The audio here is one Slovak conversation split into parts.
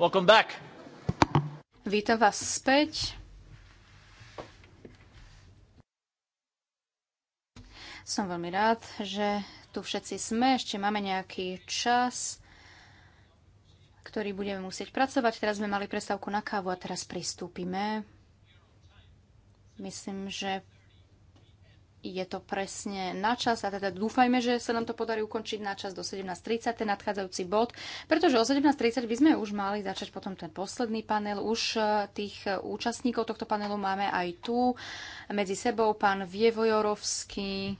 Welcome back. Vítam vás späť. Som veľmi rád, že tu všetci sme. Ešte máme nejaký čas, ktorý budeme musieť pracovať. Teraz sme mali prestávku na kávu a teraz pristúpime. Myslím, že je to presne na čas a teda dúfajme, že sa nám to podarí ukončiť na čas do 17.30, ten nadchádzajúci bod, pretože o 17.30 by sme už mali začať potom ten posledný panel. Už e, tých e, účastníkov tohto panelu máme aj tu medzi sebou pán Vievojorovský,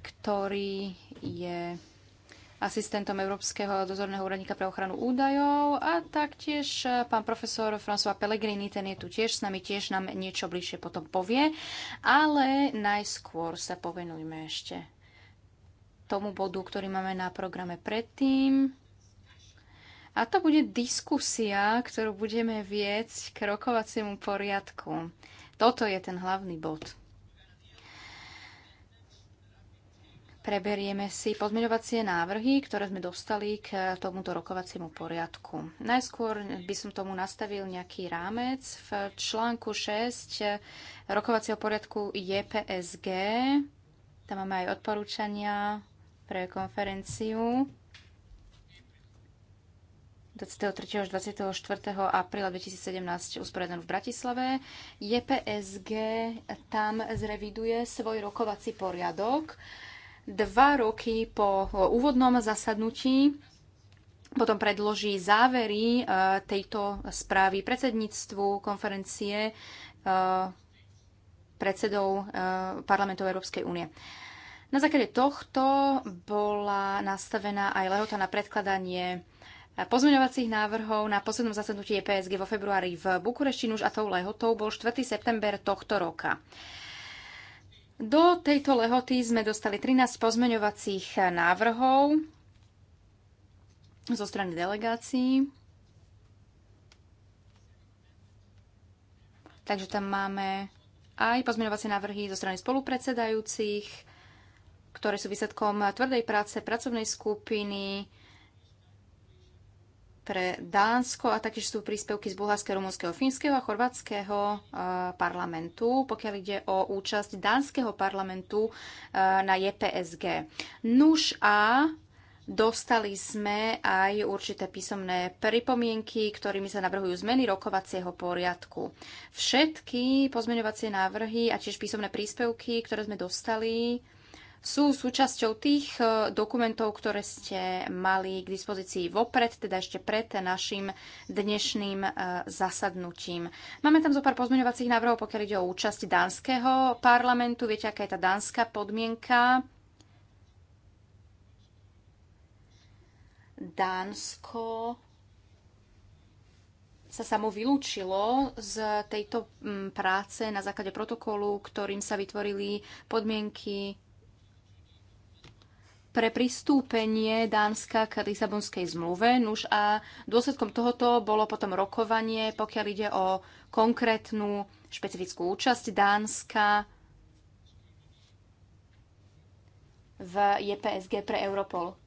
ktorý je asistentom Európskeho dozorného úradníka pre ochranu údajov a taktiež e, pán profesor François Pellegrini, ten je tu tiež s nami, tiež nám niečo bližšie potom povie, ale najskôr sa povenujme ešte tomu bodu, ktorý máme na programe predtým. A to bude diskusia, ktorú budeme viesť k rokovaciemu poriadku. Toto je ten hlavný bod. Preberieme si pozmeňovacie návrhy, ktoré sme dostali k eh, tomuto rokovaciemu poriadku. Najskôr by som tomu nastavil nejaký rámec. V článku 6 eh, rokovacieho poriadku je PSG, tam máme aj odporúčania pre konferenciu 23. až 24. apríla 2017 usporiadanú v Bratislave. JPSG tam zreviduje svoj rokovací poriadok dva roky po úvodnom zasadnutí potom predloží závery e, tejto správy predsedníctvu konferencie e, predsedov e, parlamentov Európskej únie. Na základe tohto bola nastavená aj lehota na predkladanie pozmeňovacích návrhov na poslednom zasadnutí EPSG vo februári v Bukurešti, už a tou lehotou bol 4. september tohto roka. Do tejto lehoty sme dostali 13 pozmeňovacích návrhov zo strany delegácií. Takže tam máme aj pozmeňovacie návrhy zo strany spolupredsedajúcich, ktoré sú výsledkom tvrdej práce pracovnej skupiny, pre Dánsko a taktiež sú príspevky z bulharského, rumunského, fínskeho a chorvátskeho eh, parlamentu, pokiaľ ide o účasť dánskeho parlamentu eh, na JPSG. Nuž a Dostali sme aj určité písomné pripomienky, ktorými sa navrhujú zmeny rokovacieho poriadku. Všetky pozmeňovacie návrhy a tiež písomné príspevky, ktoré sme dostali, sú súčasťou tých e, dokumentov, ktoré ste mali k dispozícii vopred, teda ešte pred našim dnešným e, zasadnutím. Máme tam zo pár pozmeňovacích návrhov, pokiaľ ide o účasť dánskeho parlamentu. Viete, aká je tá dánska podmienka? Dánsko sa samo vylúčilo z tejto práce na základe protokolu, ktorým sa vytvorili podmienky pre pristúpenie Dánska k Lisabonskej zmluve. Nuž a dôsledkom tohoto bolo potom rokovanie, pokiaľ ide o konkrétnu špecifickú účasť Dánska v JPSG pre Europol.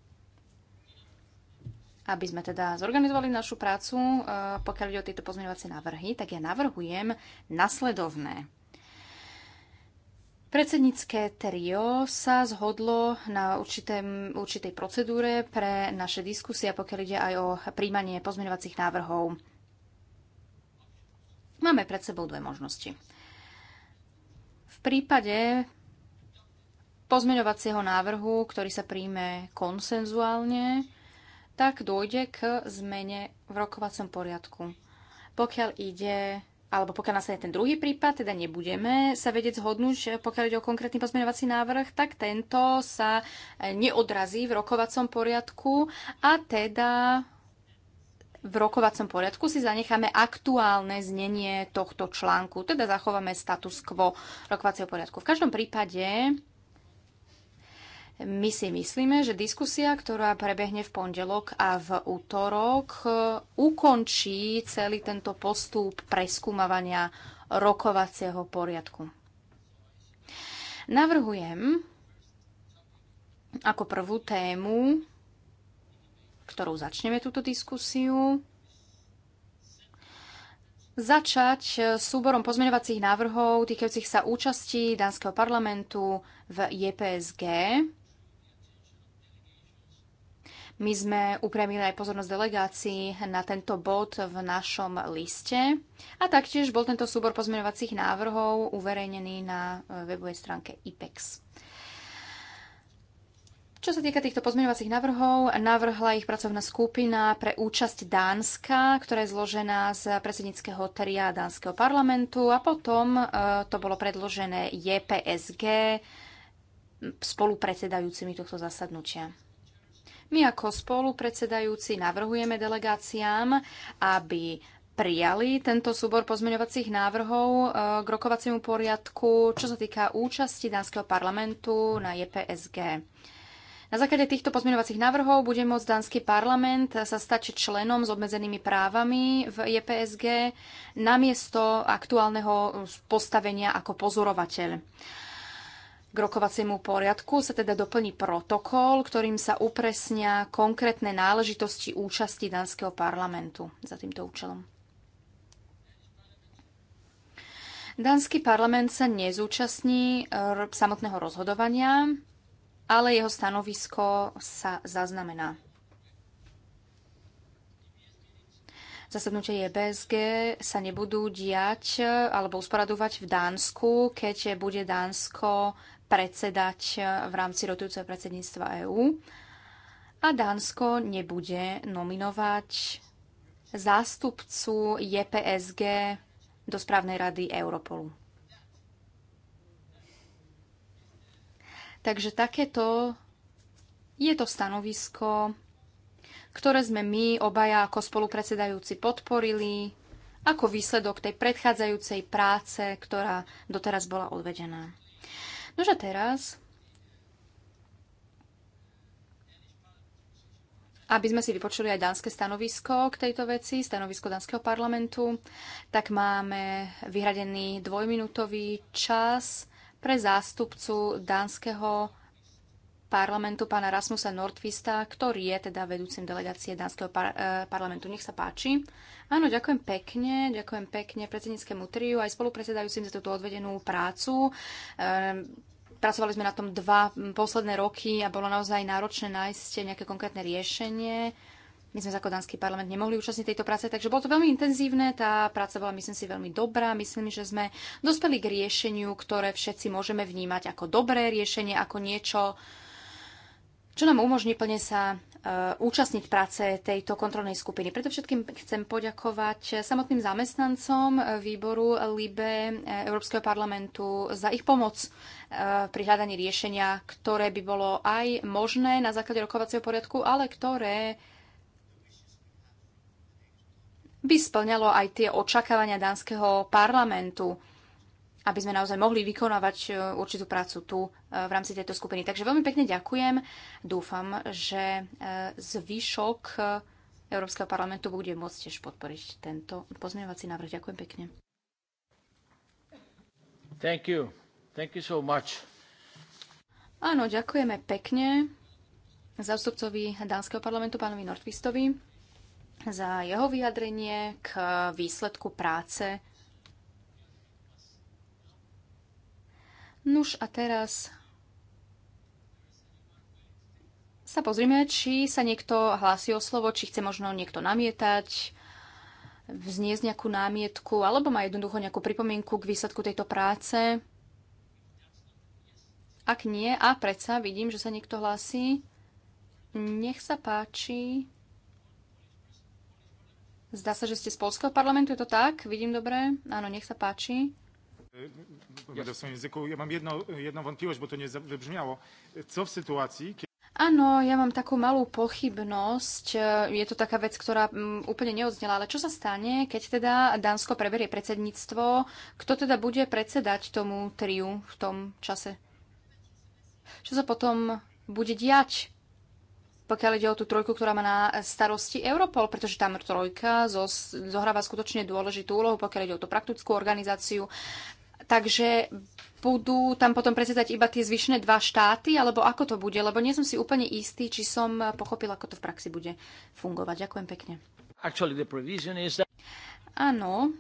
Aby sme teda zorganizovali našu prácu, e, pokiaľ ide o tieto pozmeňovacie návrhy, tak ja navrhujem nasledovné. Predsednícke trio sa zhodlo na určitém, určitej procedúre pre naše diskusie, pokiaľ ide aj o príjmanie pozmeňovacích návrhov. Máme pred sebou dve možnosti. V prípade pozmeňovacieho návrhu, ktorý sa príjme konsenzuálne, tak dôjde k zmene v rokovacom poriadku. Pokiaľ ide alebo pokiaľ nastane teda ten druhý prípad, teda nebudeme sa vedieť zhodnúť, pokiaľ ide o konkrétny pozmeňovací návrh, tak tento sa eh, neodrazí v rokovacom poriadku a teda v rokovacom poriadku si zanecháme aktuálne znenie tohto článku, teda zachováme status quo rokovacieho poriadku. V každom prípade my si myslíme, že diskusia, ktorá prebehne v pondelok a v útorok, ukončí celý tento postup preskúmavania rokovacieho poriadku. Navrhujem ako prvú tému, ktorou začneme túto diskusiu, začať súborom pozmeňovacích návrhov týkajúcich sa účasti Dánskeho parlamentu v JPSG my sme upremili aj pozornosť delegácií na tento bod v našom liste a taktiež bol tento súbor pozmeňovacích návrhov uverejnený na eh, webovej stránke IPEX. Čo sa týka týchto pozmeňovacích návrhov, navrhla ich pracovná skupina pre účasť Dánska, ktorá je zložená z predsedníckého tria Dánskeho parlamentu a potom eh, to bolo predložené JPSG spolupredsedajúcimi tohto zasadnutia. My ako spolupredsedajúci navrhujeme delegáciám, aby prijali tento súbor pozmeňovacích návrhov e, k rokovaciemu poriadku, čo sa týka účasti Dánskeho parlamentu na JPSG. Na základe týchto pozmeňovacích návrhov bude môcť Dánsky parlament sa stačiť členom s obmedzenými právami v JPSG namiesto aktuálneho postavenia ako pozorovateľ. K rokovaciemu poriadku sa teda doplní protokol, ktorým sa upresnia konkrétne náležitosti účasti Danského parlamentu za týmto účelom. Danský parlament sa nezúčastní samotného rozhodovania, ale jeho stanovisko sa zaznamená. zasadnutie EBSG sa nebudú diať alebo usporadovať v Dánsku, keď bude Dánsko predsedať eh, v rámci rotujúceho predsedníctva EÚ a Dánsko nebude nominovať zástupcu JPSG do správnej rady Europolu. Takže takéto je to stanovisko, ktoré sme my obaja ako spolupredsedajúci podporili ako výsledok tej predchádzajúcej práce, ktorá doteraz bola odvedená. Nože teraz, aby sme si vypočuli aj dánske stanovisko k tejto veci, stanovisko dánskeho parlamentu, tak máme vyhradený dvojminútový čas pre zástupcu dánskeho parlamentu pána Rasmusa Nordvista, ktorý je teda vedúcim delegácie Dánskeho par- e, parlamentu. Nech sa páči. Áno, ďakujem pekne, ďakujem pekne predsedníckému triu aj spolupredsedajúcim za túto odvedenú prácu. E, pracovali sme na tom dva posledné roky a bolo naozaj náročné nájsť nejaké konkrétne riešenie. My sme ako Danský parlament nemohli účastniť tejto práce, takže bolo to veľmi intenzívne. Tá práca bola, myslím si, veľmi dobrá. Myslím, že sme dospeli k riešeniu, ktoré všetci môžeme vnímať ako dobré riešenie, ako niečo, čo nám umožní plne sa e, účastniť práce tejto kontrolnej skupiny. Preto všetkým chcem poďakovať samotným zamestnancom výboru LIBE e, Európskeho parlamentu za ich pomoc e, pri hľadaní riešenia, ktoré by bolo aj možné na základe rokovacieho poriadku, ale ktoré by splňalo aj tie očakávania dánskeho parlamentu aby sme naozaj mohli vykonávať e, určitú prácu tu e, v rámci tejto skupiny. Takže veľmi pekne ďakujem. Dúfam, že e, zvyšok Európskeho parlamentu bude môcť tiež podporiť tento pozmeňovací návrh. Ďakujem pekne. Thank you. Thank you so much. Áno, ďakujeme pekne zástupcovi Dánskeho parlamentu, pánovi Nordqvistovi, za jeho vyjadrenie k výsledku práce Nuž a teraz sa pozrime, či sa niekto hlási o slovo, či chce možno niekto namietať, vzniesť nejakú námietku, alebo má jednoducho nejakú pripomienku k výsledku tejto práce. Ak nie, a predsa vidím, že sa niekto hlási, nech sa páči. Zdá sa, že ste z Polského parlamentu, je to tak? Vidím dobre? Áno, nech sa páči. Áno, ja mám takú malú pochybnosť. Je to taká vec, ktorá mm, úplne neodznela. Ale čo sa stane, keď teda Dánsko preberie predsedníctvo? Kto teda bude predsedať tomu triu v tom čase? Čo sa potom bude diať? pokiaľ ide o tú trojku, ktorá má na starosti Europol, pretože tam trojka zohráva skutočne dôležitú úlohu, pokiaľ ide o tú praktickú organizáciu, takže budú tam potom predsedať iba tie zvyšné dva štáty, alebo ako to bude? Lebo nie som si úplne istý, či som pochopil, ako to v praxi bude fungovať. Ďakujem pekne. Actually, that... Áno,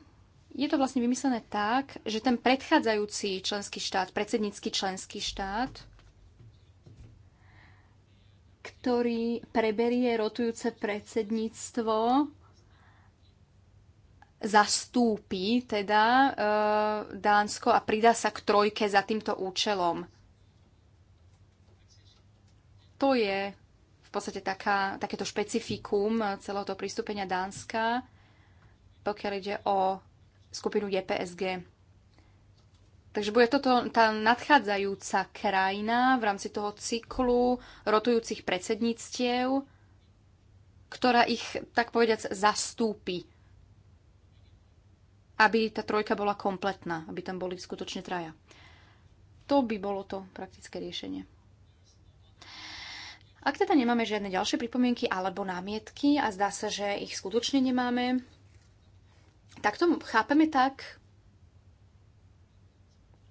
je to vlastne vymyslené tak, že ten predchádzajúci členský štát, predsednícky členský štát, ktorý preberie rotujúce predsedníctvo, zastúpi teda eh, Dánsko a pridá sa k trojke za týmto účelom. To je v podstate taká, takéto špecifikum celého toho pristúpenia Dánska, pokiaľ ide o skupinu JPSG. Takže bude toto tá nadchádzajúca krajina v rámci toho cyklu rotujúcich predsedníctiev, ktorá ich, tak povediac, zastúpi aby tá trojka bola kompletná, aby tam boli skutočne traja. To by bolo to praktické riešenie. Ak teda nemáme žiadne ďalšie pripomienky alebo námietky a zdá sa, že ich skutočne nemáme, tak to chápeme tak,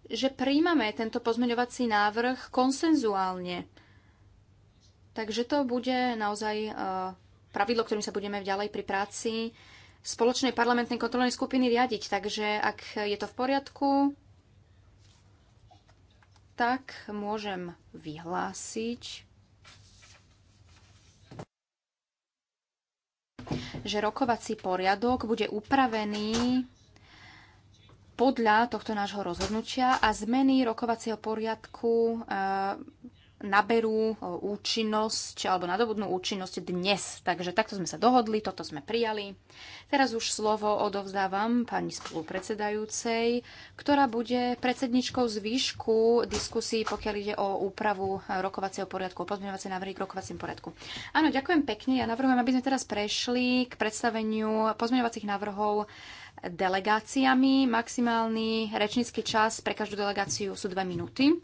že príjmame tento pozmeňovací návrh konsenzuálne. Takže to bude naozaj eh, pravidlo, ktorým sa budeme ďalej pri práci spoločnej parlamentnej kontrolnej skupiny riadiť. Takže ak je to v poriadku, tak môžem vyhlásiť, že rokovací poriadok bude upravený podľa tohto nášho rozhodnutia a zmeny rokovacieho poriadku e, naberú e, účinnosť alebo nadobudnú účinnosť dnes. Takže takto sme sa dohodli, toto sme prijali. Teraz už slovo odovzdávam pani spolupredsedajúcej, ktorá bude predsedničkou zvýšku diskusí, pokiaľ ide o úpravu rokovacieho poriadku, o pozmeňovacie návrhy k rokovacím poriadku. Áno, ďakujem pekne. Ja navrhujem, aby sme teraz prešli k predstaveniu pozmeňovacích návrhov delegáciami. Maximálny rečnícky čas pre každú delegáciu sú dve minúty.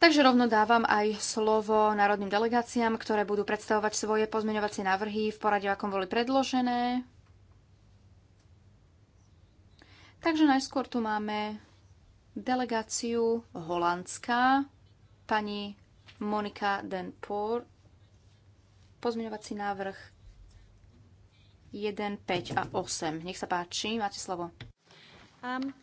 Takže rovno dávam aj slovo národným delegáciám, ktoré budú predstavovať svoje pozmeňovacie návrhy v porade, akom boli predložené. Takže najskôr tu máme delegáciu holandská, pani Monika Den Poor, pozmeňovací návrh 1, 5 a 8. Nech sa páči, máte slovo. Um,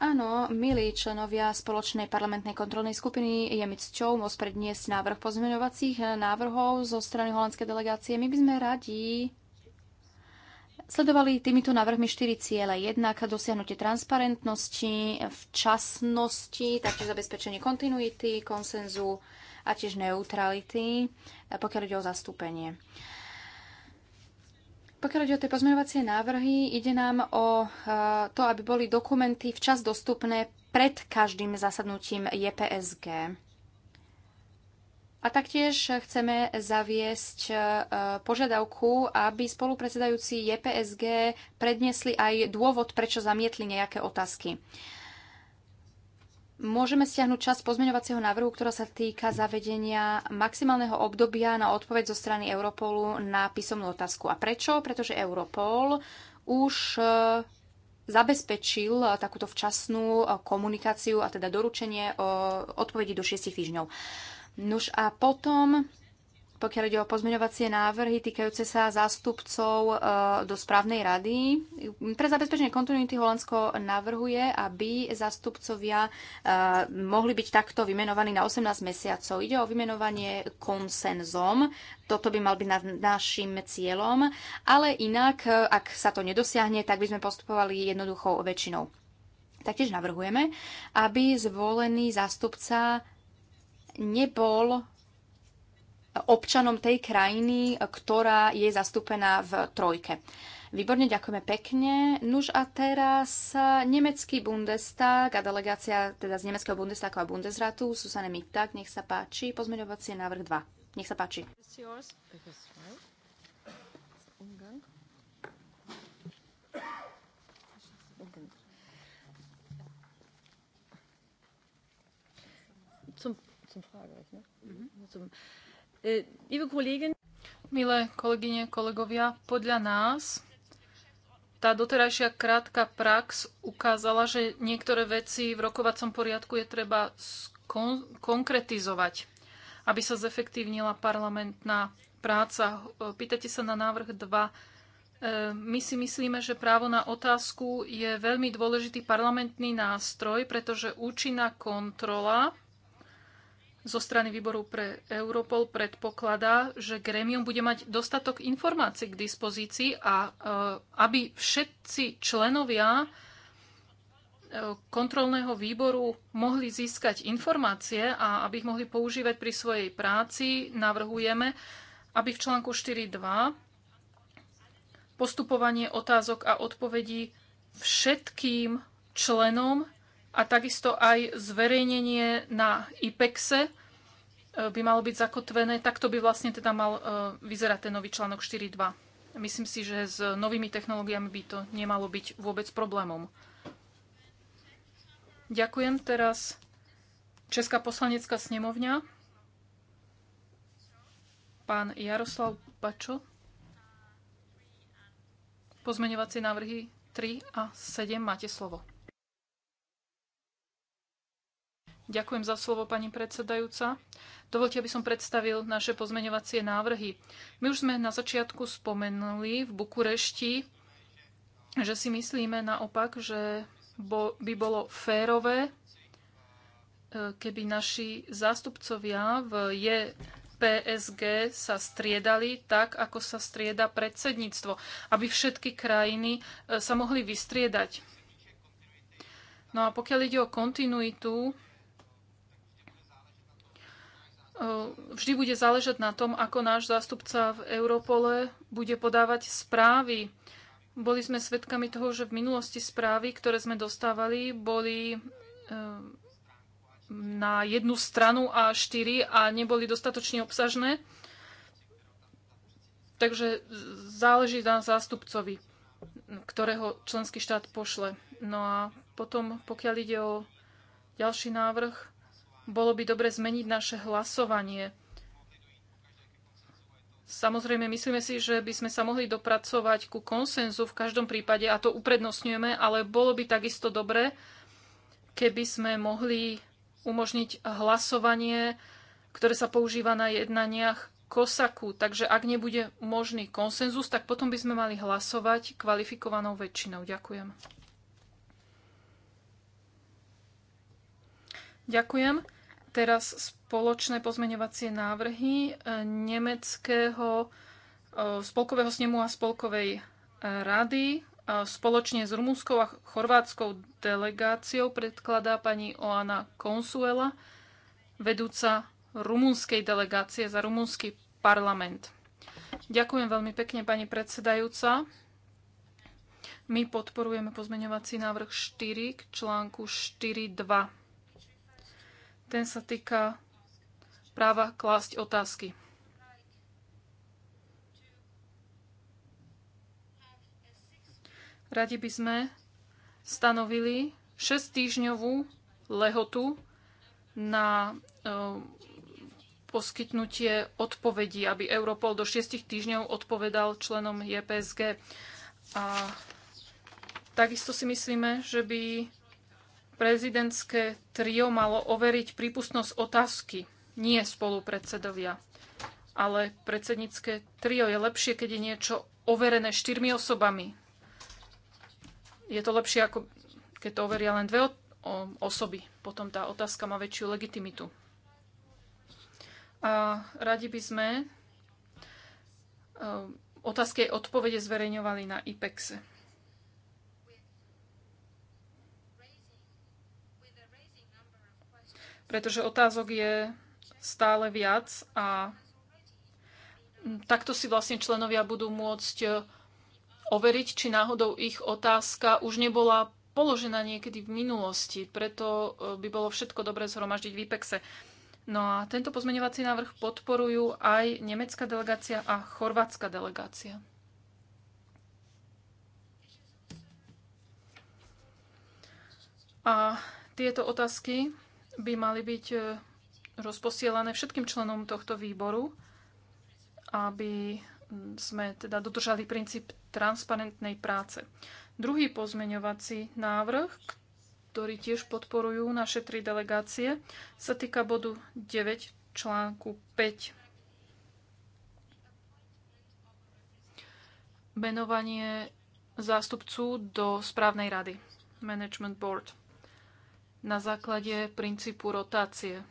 Áno, milí členovia spoločnej parlamentnej kontrolnej skupiny, je mi cťou môcť predniesť návrh pozmeňovacích návrhov zo strany holandskej delegácie. My by sme radi sledovali týmito návrhmi štyri ciele. Jednak dosiahnutie transparentnosti, včasnosti, taktiež zabezpečenie kontinuity, konsenzu a tiež neutrality, pokiaľ ide o zastúpenie. Pokiaľ ide o tie pozmeňovacie návrhy, ide nám o e, to, aby boli dokumenty včas dostupné pred každým zasadnutím JPSG. A taktiež chceme zaviesť e, požiadavku, aby spolupredsedajúci JPSG predniesli aj dôvod, prečo zamietli nejaké otázky. Môžeme stiahnuť časť pozmeňovacieho návrhu, ktorá sa týka zavedenia maximálneho obdobia na odpoveď zo strany Europolu na písomnú otázku. A prečo? Pretože Europol už e, zabezpečil e, takúto včasnú e, komunikáciu a teda doručenie odpovedi do 6 týždňov. Nož a potom pokiaľ ide o pozmeňovacie návrhy týkajúce sa zástupcov e, do správnej rady. Pre zabezpečenie kontinuity Holandsko navrhuje, aby zástupcovia e, mohli byť takto vymenovaní na 18 mesiacov. Ide o vymenovanie konsenzom. Toto by mal byť našim cieľom, ale inak, e, ak sa to nedosiahne, tak by sme postupovali jednoduchou väčšinou. Taktiež navrhujeme, aby zvolený zástupca nebol občanom tej krajiny, ktorá je zastúpená v trojke. Výborne, ďakujeme pekne. Nuž a teraz nemecký Bundestag a delegácia teda z nemeckého Bundestagu a Bundesratu, Susanne Mittag, nech sa páči, pozmeňovacie návrh 2. Nech sa páči. Zum, zum Fragerecht, ne? Mhm. Zum, E, Milé kolegyne, kolegovia, podľa nás tá doterajšia krátka prax ukázala, že niektoré veci v rokovacom poriadku je treba konkretizovať, aby sa zefektívnila parlamentná práca. E, pýtate sa na návrh 2. E, my si myslíme, že právo na otázku je veľmi dôležitý parlamentný nástroj, pretože účinná kontrola zo strany výboru pre Europol predpokladá, že grémium bude mať dostatok informácií k dispozícii a e, aby všetci členovia e, kontrolného výboru mohli získať informácie a aby ich mohli používať pri svojej práci, navrhujeme, aby v článku 4.2 postupovanie otázok a odpovedí všetkým členom a takisto aj zverejnenie na IPEXe e, by malo byť zakotvené. Takto by vlastne teda mal e, vyzerať ten nový článok 4.2. Myslím si, že s novými technológiami by to nemalo byť vôbec problémom. Ďakujem teraz Česká poslanecká snemovňa. Pán Jaroslav Bačo. Pozmeňovacie návrhy 3 a 7. Máte slovo. Ďakujem za slovo, pani predsedajúca. Dovolte, aby som predstavil naše pozmeňovacie návrhy. My už sme na začiatku spomenuli v Bukurešti, že si myslíme naopak, že by bolo férové, e, keby naši zástupcovia v JPSG sa striedali tak, ako sa strieda predsedníctvo, aby všetky krajiny e, sa mohli vystriedať. No a pokiaľ ide o kontinuitu, Ehm, vždy bude záležať na tom, ako náš zástupca v Europole bude podávať správy. Boli sme svedkami toho, že v minulosti správy, ktoré sme dostávali, boli ehm, na jednu stranu a štyri a neboli dostatočne obsažné. Takže záleží na zástupcovi, ktorého členský štát pošle. No a potom, pokiaľ ide o ďalší návrh, bolo by dobre zmeniť naše hlasovanie. Samozrejme, myslíme si, že by sme sa mohli dopracovať ku konsenzu v každom prípade a to uprednostňujeme, ale bolo by takisto dobre, keby sme mohli umožniť hlasovanie, ktoré sa používa na jednaniach kosaku. Takže ak nebude možný konsenzus, tak potom by sme mali hlasovať kvalifikovanou väčšinou. Ďakujem. Ďakujem teraz spoločné pozmeňovacie návrhy e, nemeckého e, spolkového snemu a spolkovej e, rady spoločne s rumúnskou a chorvátskou delegáciou predkladá pani Oana Consuela, vedúca rumúnskej delegácie za rumúnsky parlament. Ďakujem veľmi pekne, pani predsedajúca. My podporujeme pozmeňovací návrh 4 k článku 4.2. Ten sa týka práva klásť otázky. Radi by sme stanovili 6-týždňovú lehotu na e, poskytnutie odpovedí, aby Europol do 6 týždňov odpovedal členom JPSG. A takisto si myslíme, že by prezidentské trio malo overiť prípustnosť otázky, nie spolupredsedovia. Ale predsednícke trio je lepšie, keď je niečo overené štyrmi osobami. Je to lepšie, ako keď to overia len dve osoby. Potom tá otázka má väčšiu legitimitu. A radi by sme e, otázky a odpovede zverejňovali na IPEXe. pretože otázok je stále viac a takto si vlastne členovia budú môcť e, overiť, či náhodou ich otázka už nebola položená niekedy v minulosti. Preto e, by bolo všetko dobre zhromaždiť v IPEXe. No a tento pozmeňovací návrh podporujú aj nemecká delegácia a chorvátska delegácia. A tieto otázky by mali byť e, rozposielané všetkým členom tohto výboru, aby sme teda dodržali princíp transparentnej práce. Druhý pozmeňovací návrh, ktorý tiež podporujú naše tri delegácie, sa týka bodu 9 článku 5. Menovanie zástupcu do správnej rady, Management Board na základe princípu rotácie.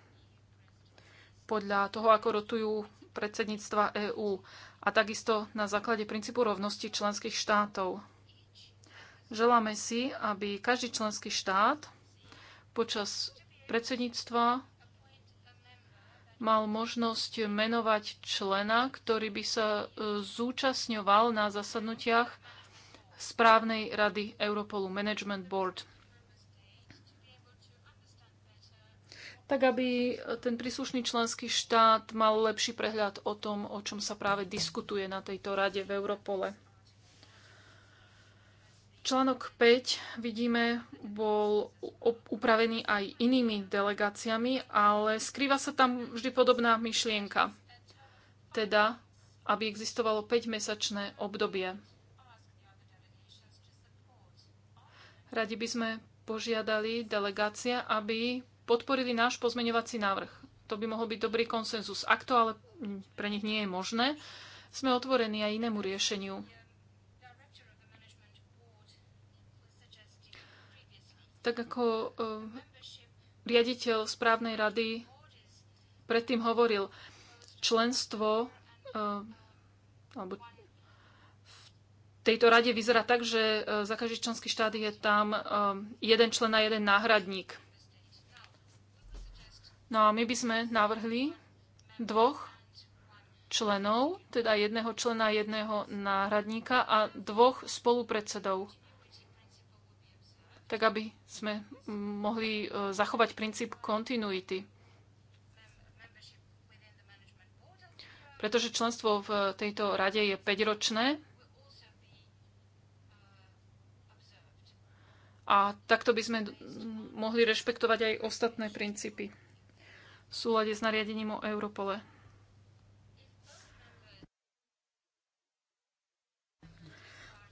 Podľa toho, ako rotujú predsedníctva EÚ a takisto na základe princípu rovnosti členských štátov. Želáme si, aby každý členský štát počas predsedníctva mal možnosť menovať člena, ktorý by sa e, zúčastňoval na zasadnutiach správnej rady Europolu Management Board. tak aby ten príslušný členský štát mal lepší prehľad o tom, o čom sa práve diskutuje na tejto rade v Europole. Článok 5, vidíme, bol upravený aj inými delegáciami, ale skrýva sa tam vždy podobná myšlienka. Teda, aby existovalo 5-mesačné obdobie. Radi by sme požiadali delegácia, aby podporili náš pozmeňovací návrh. To by mohol byť dobrý konsenzus. Ak to ale pre nich nie je možné, sme otvorení aj inému riešeniu. Tak ako eh, riaditeľ správnej rady predtým hovoril, členstvo eh, alebo v tejto rade vyzerá tak, že eh, za každý členský štát je tam jeden člen a jeden náhradník. No a my by sme navrhli dvoch členov, teda jedného člena, jedného náhradníka a dvoch spolupredsedov. Tak, aby sme mohli e, zachovať princíp kontinuity. Pretože členstvo v tejto rade je 5-ročné a takto by sme mohli rešpektovať aj ostatné princípy v súlade s nariadením o Europole.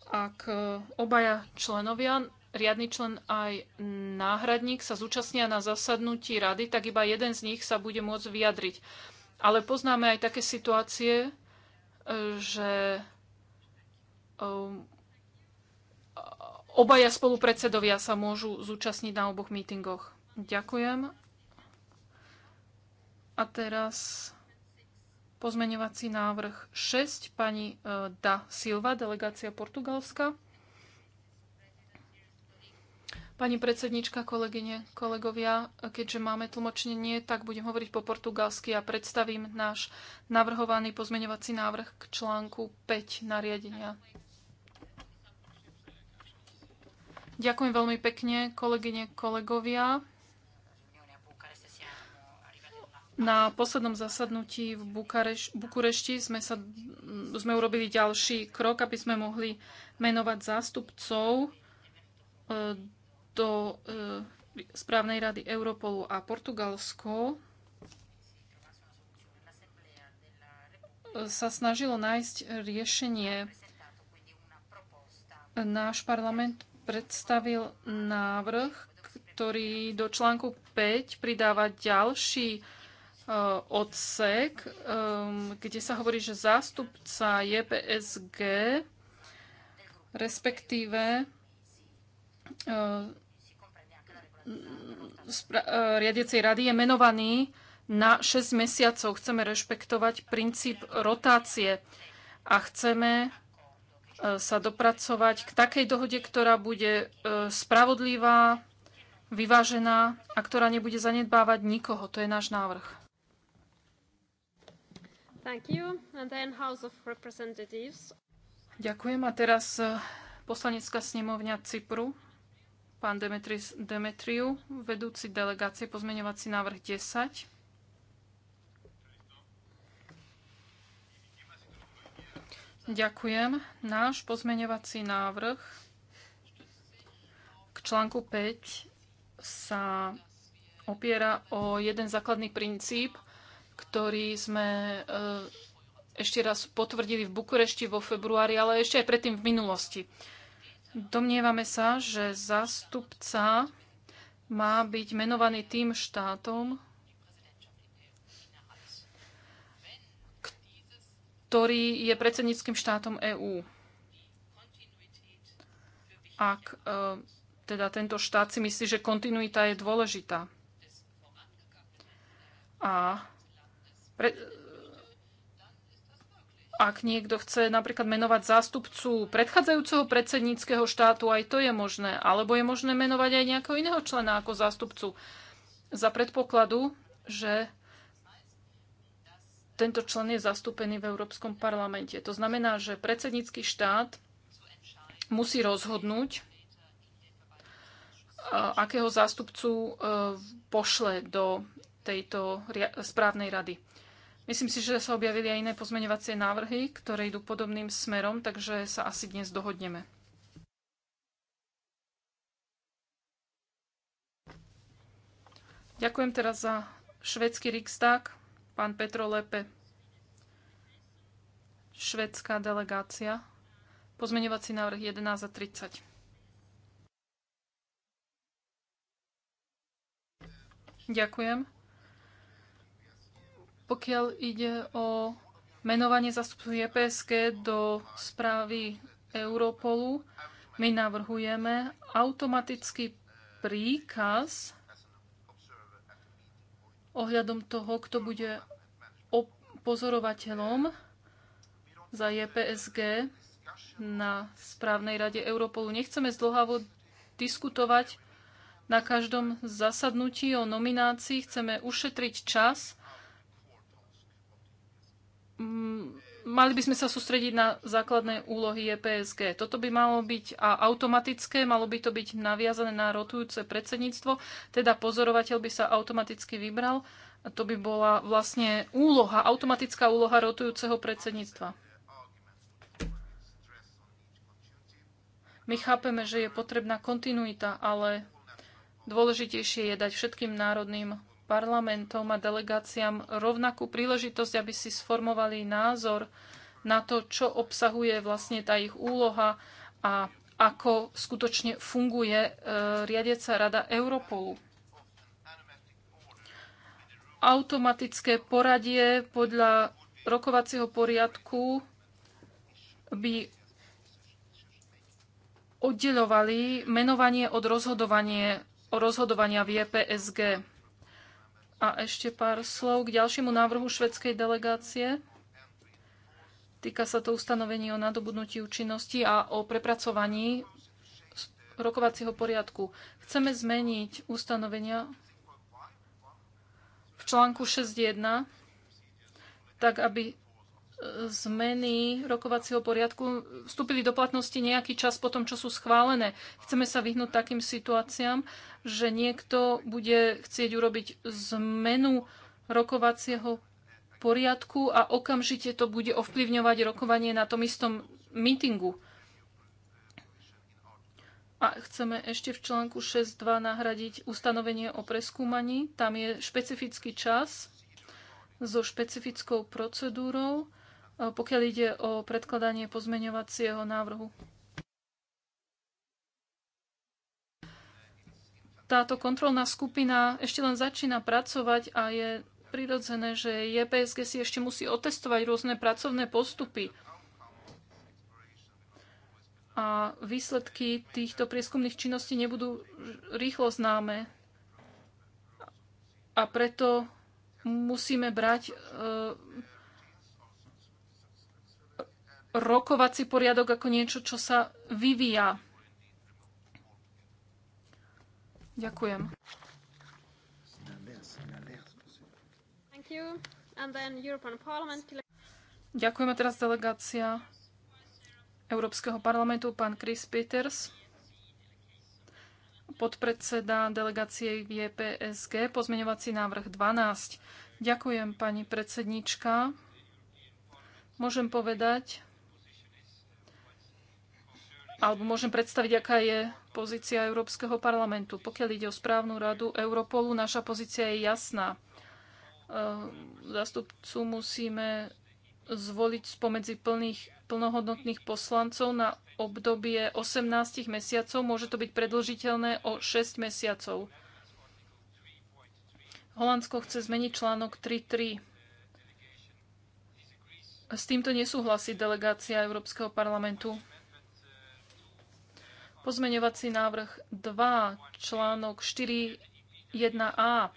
Ak e, obaja členovia, riadny člen aj náhradník sa zúčastnia na zasadnutí rady, tak iba jeden z nich sa bude môcť vyjadriť. Ale poznáme aj také situácie, e, že e, obaja spolupredsedovia sa môžu zúčastniť na oboch mítingoch. Ďakujem. A teraz pozmeňovací návrh 6, pani e, Da Silva, delegácia Portugalska. Pani predsednička, kolegyne, kolegovia, keďže máme tlmočenie, tak budem hovoriť po portugalsky a predstavím náš navrhovaný pozmeňovací návrh k článku 5 nariadenia. Ďakujem veľmi pekne, kolegyne, kolegovia. Na poslednom zasadnutí v Bukareš, Bukurešti sme, sa, sme urobili ďalší krok, aby sme mohli menovať zástupcov e, do e, správnej rady Europolu a Portugalsko sa snažilo nájsť riešenie. Náš parlament predstavil návrh, ktorý do článku 5 pridáva ďalší E, odsek, kde sa hovorí, že zástupca JPSG, respektíve e, e, riadiacej rady je menovaný na 6 mesiacov. Chceme rešpektovať princíp rotácie a chceme sa dopracovať k takej dohode, ktorá bude spravodlivá, vyvážená a ktorá nebude zanedbávať nikoho. To je náš návrh. Thank you. And then House of Representatives. Ďakujem. A teraz eh, poslanecká snemovňa Cypru. Pán Demetris Demetriu, vedúci delegácie, pozmeňovací návrh 10. Ďakujem. Náš pozmeňovací návrh k článku 5 sa opiera o jeden základný princíp, ktorý sme eh, ešte raz potvrdili v Bukurešti vo februári, ale ešte aj predtým v minulosti. Domnievame sa, že zástupca má byť menovaný tým štátom, ktorý je predsedníckým štátom EÚ. Ak eh, teda tento štát si myslí, že kontinuita je dôležitá. A pre, ak niekto chce napríklad menovať zástupcu predchádzajúceho predsedníckého štátu, aj to je možné. Alebo je možné menovať aj nejakého iného člena ako zástupcu. Za predpokladu, že tento člen je zastúpený v Európskom parlamente. To znamená, že predsednícky štát musí rozhodnúť, e, akého zástupcu e, pošle do tejto správnej rady. Myslím si, že sa objavili aj iné pozmeňovacie návrhy, ktoré idú podobným smerom, takže sa asi dnes dohodneme. Ďakujem teraz za švedský Riksdag, pán Petro Lepe, švedská delegácia, pozmeňovací návrh 11 a 30. Ďakujem. Pokiaľ ide o menovanie zastupcu JPSG do správy Europolu, my navrhujeme automatický príkaz ohľadom toho, kto bude pozorovateľom za JPSG na správnej rade Europolu. Nechceme zdlhavo diskutovať na každom zasadnutí o nominácii. Chceme ušetriť čas Mm, mali by sme sa sústrediť na základné úlohy EPSG. Toto by malo byť a automatické, malo by to byť naviazané na rotujúce predsedníctvo, teda pozorovateľ by sa automaticky vybral. A to by bola vlastne úloha, automatická úloha rotujúceho predsedníctva. My chápeme, že je potrebná kontinuita, ale dôležitejšie je dať všetkým národným parlamentom a delegáciám rovnakú príležitosť, aby si sformovali názor na to, čo obsahuje vlastne tá ich úloha a ako skutočne funguje e, riadiaca rada Europolu. Automatické poradie podľa rokovacieho poriadku by oddelovali menovanie od rozhodovanie, o rozhodovania v a ešte pár slov k ďalšiemu návrhu švedskej delegácie. Týka sa to ustanovení o nadobudnutí účinnosti a o prepracovaní rokovacieho poriadku. Chceme zmeniť ustanovenia v článku 6.1, tak aby zmeny rokovacieho poriadku vstúpili do platnosti nejaký čas po tom, čo sú schválené. Chceme sa vyhnúť takým situáciám, že niekto bude chcieť urobiť zmenu rokovacieho poriadku a okamžite to bude ovplyvňovať rokovanie na tom istom mítingu. A chceme ešte v článku 6.2 nahradiť ustanovenie o preskúmaní. Tam je špecifický čas so špecifickou procedúrou E, pokiaľ ide o predkladanie pozmeňovacieho návrhu. Táto kontrolná skupina ešte len začína pracovať a je prirodzené, že JPSG si ešte musí otestovať rôzne pracovné postupy. A výsledky týchto prieskumných činností nebudú rýchlo známe. A preto musíme brať e, rokovací poriadok ako niečo, čo sa vyvíja. Ďakujem. Ďakujem a teraz delegácia Európskeho parlamentu, pán Chris Peters, podpredseda delegácie VPSG, pozmeňovací návrh 12. Ďakujem, pani predsednička. Môžem povedať, alebo môžem predstaviť, aká je pozícia Európskeho parlamentu. Pokiaľ ide o správnu radu Europolu, naša pozícia je jasná. Ehm, Zastupcu musíme zvoliť spomedzi plných, plnohodnotných poslancov na obdobie 18 mesiacov. Môže to byť predlžiteľné o 6 mesiacov. Holandsko chce zmeniť článok 3.3. S týmto nesúhlasí delegácia Európskeho parlamentu. Pozmeňovací návrh 2, článok 41 a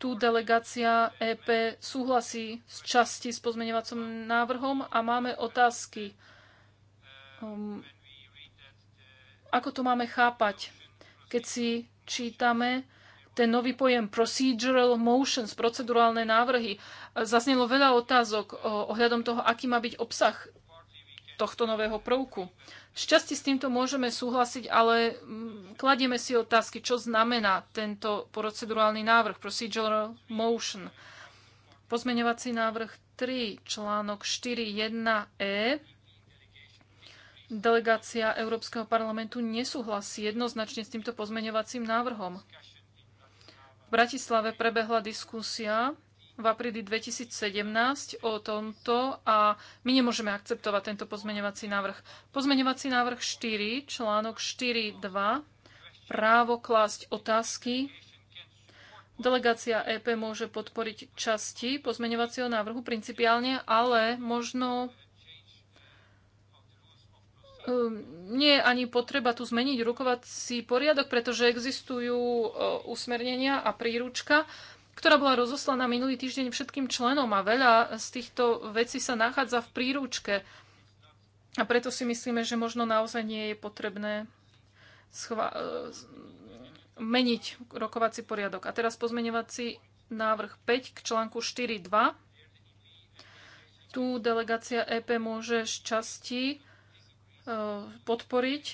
Tu delegácia EP súhlasí s časti s pozmeňovacím návrhom a máme otázky. Um, ako to máme chápať, keď si čítame ten nový pojem procedural motions, procedurálne návrhy. Zaznelo veľa otázok ohľadom toho, aký má byť obsah tohto nového prvku. Šťastie s týmto môžeme súhlasiť, ale mm, kladieme si otázky, čo znamená tento procedurálny návrh, procedural motion. Pozmeňovací návrh 3, článok 4.1e. Delegácia Európskeho parlamentu nesúhlasí jednoznačne s týmto pozmeňovacím návrhom. V Bratislave prebehla diskusia v apríli 2017 o tomto a my nemôžeme akceptovať tento pozmeňovací návrh. Pozmeňovací návrh 4, článok 4.2, právo klásť otázky. Delegácia EP môže podporiť časti pozmeňovacieho návrhu principiálne, ale možno um, nie je ani potreba tu zmeniť rukovací poriadok, pretože existujú uh, usmernenia a príručka, ktorá bola rozoslaná minulý týždeň všetkým členom a veľa z týchto vecí sa nachádza v príručke. A preto si myslíme, že možno naozaj nie je potrebné e, meniť rokovací poriadok. A teraz pozmeňovací návrh 5 k článku 4.2. Tu delegácia EP môže z časti e, podporiť,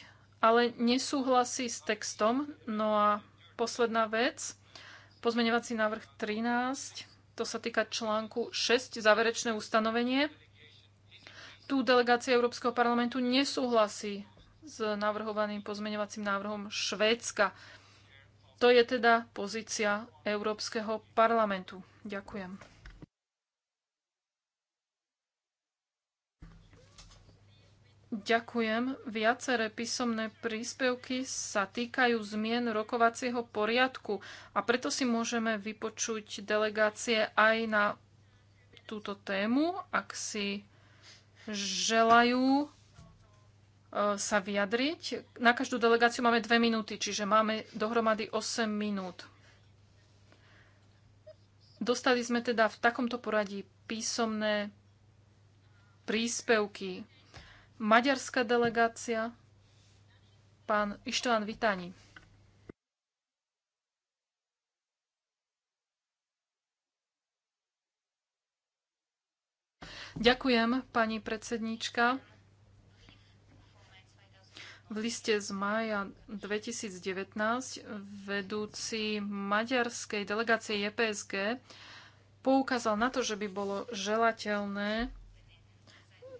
ale nesúhlasí s textom. No a posledná vec Pozmeňovací návrh 13, to sa týka článku 6, záverečné ustanovenie. Tu delegácia Európskeho parlamentu nesúhlasí s navrhovaným pozmeňovacím návrhom Švédska. To je teda pozícia Európskeho parlamentu. Ďakujem. Ďakujem. Viaceré písomné príspevky sa týkajú zmien rokovacieho poriadku a preto si môžeme vypočuť delegácie aj na túto tému, ak si želajú e, sa vyjadriť. Na každú delegáciu máme dve minúty, čiže máme dohromady 8 minút. Dostali sme teda v takomto poradí písomné príspevky maďarská delegácia, pán Ištván Vitani. Ďakujem, pani predsedníčka. V liste z mája 2019 vedúci maďarskej delegácie JPSG poukázal na to, že by bolo želateľné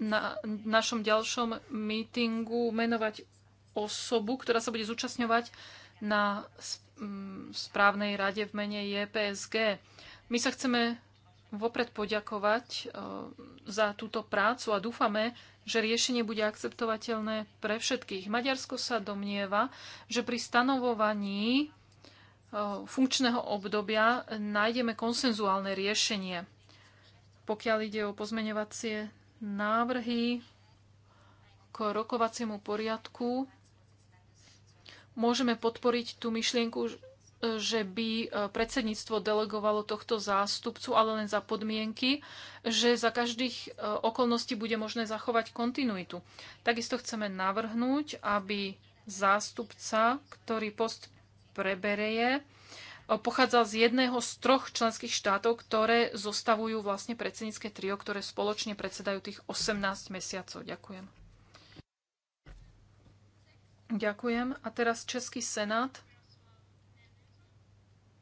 na našom ďalšom mítingu menovať osobu, ktorá sa bude zúčastňovať na správnej rade v mene JPSG. My sa chceme vopred poďakovať e, za túto prácu a dúfame, že riešenie bude akceptovateľné pre všetkých. Maďarsko sa domnieva, že pri stanovovaní e, funkčného obdobia nájdeme konsenzuálne riešenie. Pokiaľ ide o pozmeňovacie návrhy k rokovaciemu poriadku. Môžeme podporiť tú myšlienku, že by e, predsedníctvo delegovalo tohto zástupcu, ale len za podmienky, že za každých e, okolností bude možné zachovať kontinuitu. Takisto chceme navrhnúť, aby zástupca, ktorý post prebereje pochádzal z jedného z troch členských štátov, ktoré zostavujú vlastne predsednícke trio, ktoré spoločne predsedajú tých 18 mesiacov. Ďakujem. Ďakujem. A teraz Český senát.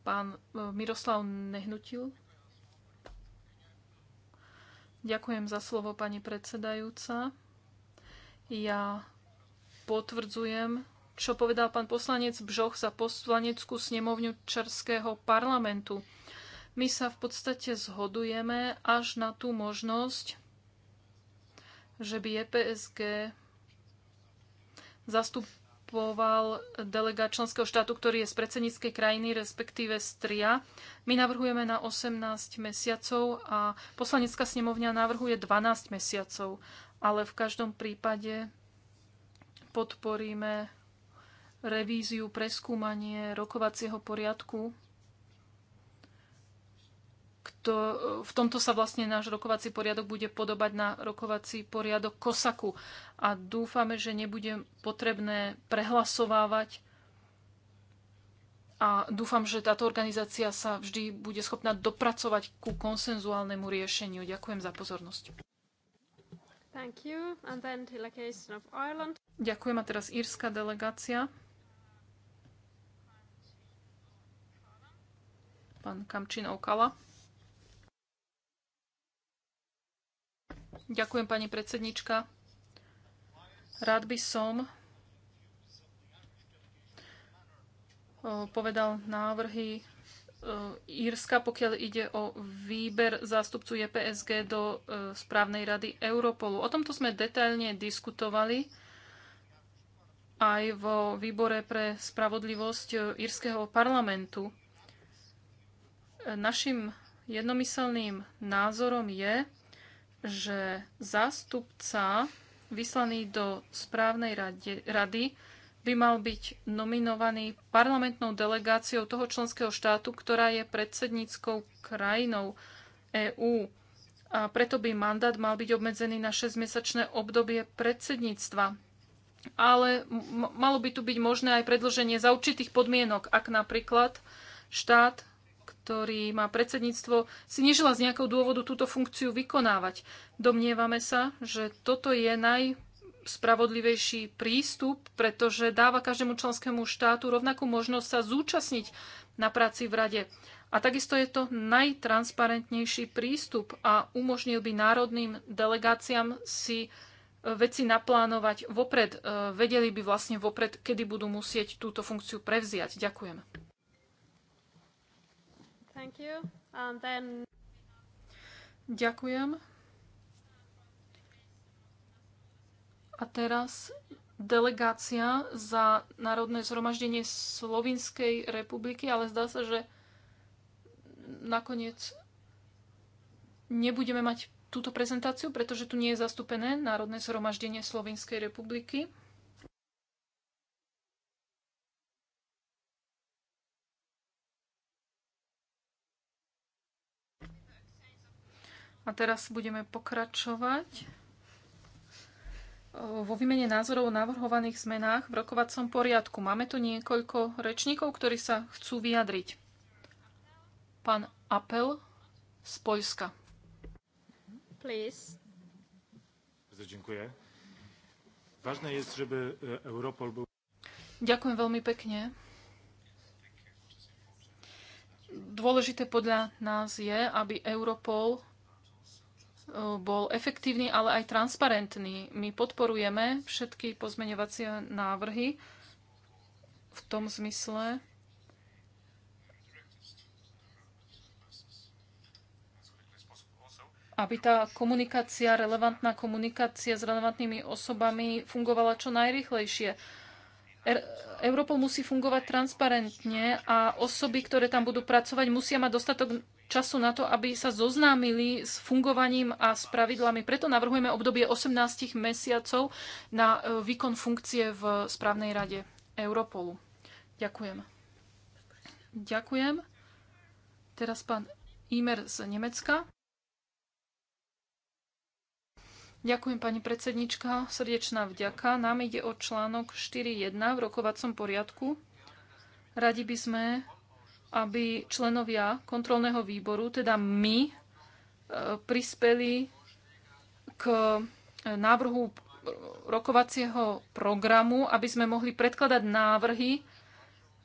Pán e, Miroslav Nehnutil. Ďakujem za slovo, pani predsedajúca. Ja potvrdzujem čo povedal pán poslanec Bžoch za poslaneckú snemovňu Českého parlamentu. My sa v podstate zhodujeme až na tú možnosť, že by EPSG zastupoval delegát členského štátu, ktorý je z predsedníckej krajiny, respektíve z TRIA. My navrhujeme na 18 mesiacov a poslanecká snemovňa navrhuje 12 mesiacov. Ale v každom prípade podporíme revíziu, preskúmanie rokovacieho poriadku. Kto, v tomto sa vlastne náš rokovací poriadok bude podobať na rokovací poriadok Kosaku. A dúfame, že nebude potrebné prehlasovávať a dúfam, že táto organizácia sa vždy bude schopná dopracovať ku konsenzuálnemu riešeniu. Ďakujem za pozornosť. Ďakujem a teraz írska delegácia. pán Kamčín Okala. Ďakujem, pani predsednička. Rád by som povedal návrhy Írska, pokiaľ ide o výber zástupcu JPSG do e, správnej rady Europolu. O tomto sme detailne diskutovali aj vo výbore pre spravodlivosť e, Írskeho parlamentu. Našim jednomyselným názorom je, že zástupca vyslaný do správnej rade, rady by mal byť nominovaný parlamentnou delegáciou toho členského štátu, ktorá je predsedníckou krajinou EÚ. A preto by mandát mal byť obmedzený na 6-mesačné obdobie predsedníctva. Ale malo by tu byť možné aj predloženie za určitých podmienok, ak napríklad štát ktorý má predsedníctvo, si nežila z nejakého dôvodu túto funkciu vykonávať. Domnievame sa, že toto je najspravodlivejší prístup, pretože dáva každému členskému štátu rovnakú možnosť sa zúčastniť na práci v rade. A takisto je to najtransparentnejší prístup a umožnil by národným delegáciám si e, veci naplánovať vopred. E, vedeli by vlastne vopred, kedy budú musieť túto funkciu prevziať. Ďakujem. Thank you. And um, then... Ďakujem. A teraz delegácia za Národné zhromaždenie Slovinskej republiky, ale zdá sa, že nakoniec nebudeme mať túto prezentáciu, pretože tu nie je zastúpené Národné zhromaždenie Slovenskej republiky. A teraz budeme pokračovať eh, vo výmene názorov o navrhovaných zmenách v rokovacom poriadku. Máme tu niekoľko rečníkov, ktorí sa chcú vyjadriť. Pán Apel z Poľska. Please. E, Europol Ďakujem veľmi pekne. Dôležité podľa nás je, aby Europol bol efektívny, ale aj transparentný. My podporujeme všetky pozmeňovacie návrhy v tom zmysle, aby tá komunikácia, relevantná komunikácia s relevantnými osobami fungovala čo najrychlejšie Er, Europol musí fungovať transparentne a osoby, ktoré tam budú pracovať, musia mať dostatok času na to, aby sa zoznámili s fungovaním a s pravidlami. Preto navrhujeme obdobie 18 mesiacov na e, výkon funkcie v správnej rade Europolu. Ďakujem. Ďakujem. Teraz pán Imer z Nemecka. Ďakujem, pani predsednička. Srdečná vďaka. Nám ide o článok 4.1 v rokovacom poriadku. Radi by sme, aby členovia kontrolného výboru, teda my, e, prispeli k návrhu rokovacieho programu, aby sme mohli predkladať návrhy,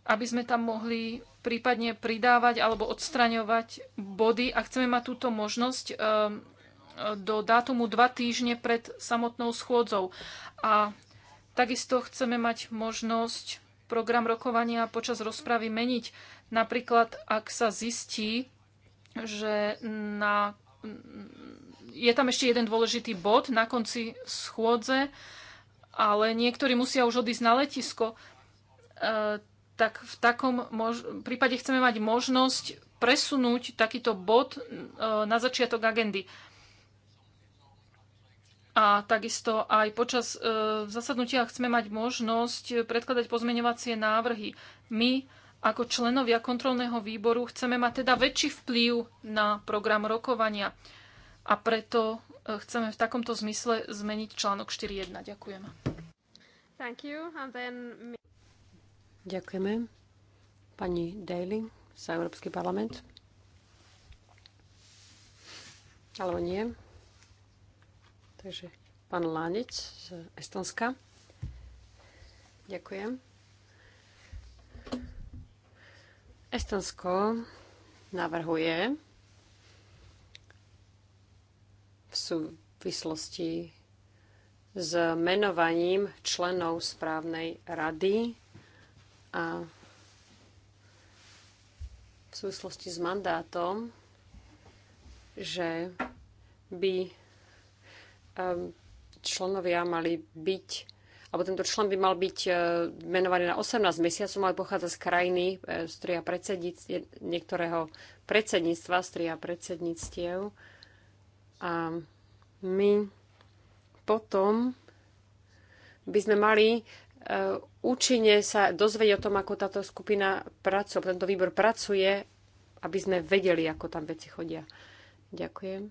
aby sme tam mohli prípadne pridávať alebo odstraňovať body a chceme mať túto možnosť e, do dátumu dva týždne pred samotnou schôdzou. A takisto chceme mať možnosť program rokovania počas rozpravy meniť. Napríklad, ak sa zistí, že na, je tam ešte jeden dôležitý bod na konci schôdze, ale niektorí musia už odísť na letisko, e, tak v takom prípade chceme mať možnosť presunúť takýto bod e, na začiatok agendy. A takisto aj počas e, zasadnutia chceme mať možnosť predkladať pozmeňovacie návrhy. My ako členovia kontrolného výboru chceme mať teda väčší vplyv na program rokovania. A preto e, chceme v takomto zmysle zmeniť článok 4.1. Ďakujem. Thank you. And then... Ďakujeme. Pani Daly za Európsky parlament. Alebo nie. Takže pán Lánec z Estonska. Ďakujem. Estonsko navrhuje v súvislosti s menovaním členov správnej rady a v súvislosti s mandátom, že by Ehm, členovia mali byť, alebo tento člen by mal byť e, menovaný na 18 mesiacov, mal pochádza z krajiny e, z tria niektorého predsedníctva, z tria predsedníctiev. A my potom by sme mali e, účinne sa dozvedieť o tom, ako táto skupina pracuje, tento výbor pracuje, aby sme vedeli, ako tam veci chodia. Ďakujem.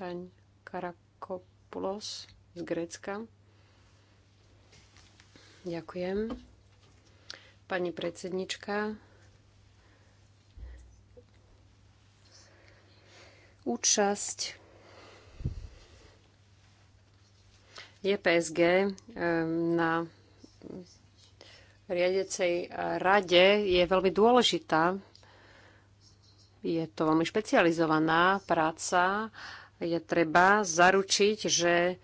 Pani Karakop. Papadopoulos z Grécka. Ďakujem. Pani predsednička, účasť JPSG eh, na riadecej rade je veľmi dôležitá. Je to veľmi špecializovaná práca je treba zaručiť, že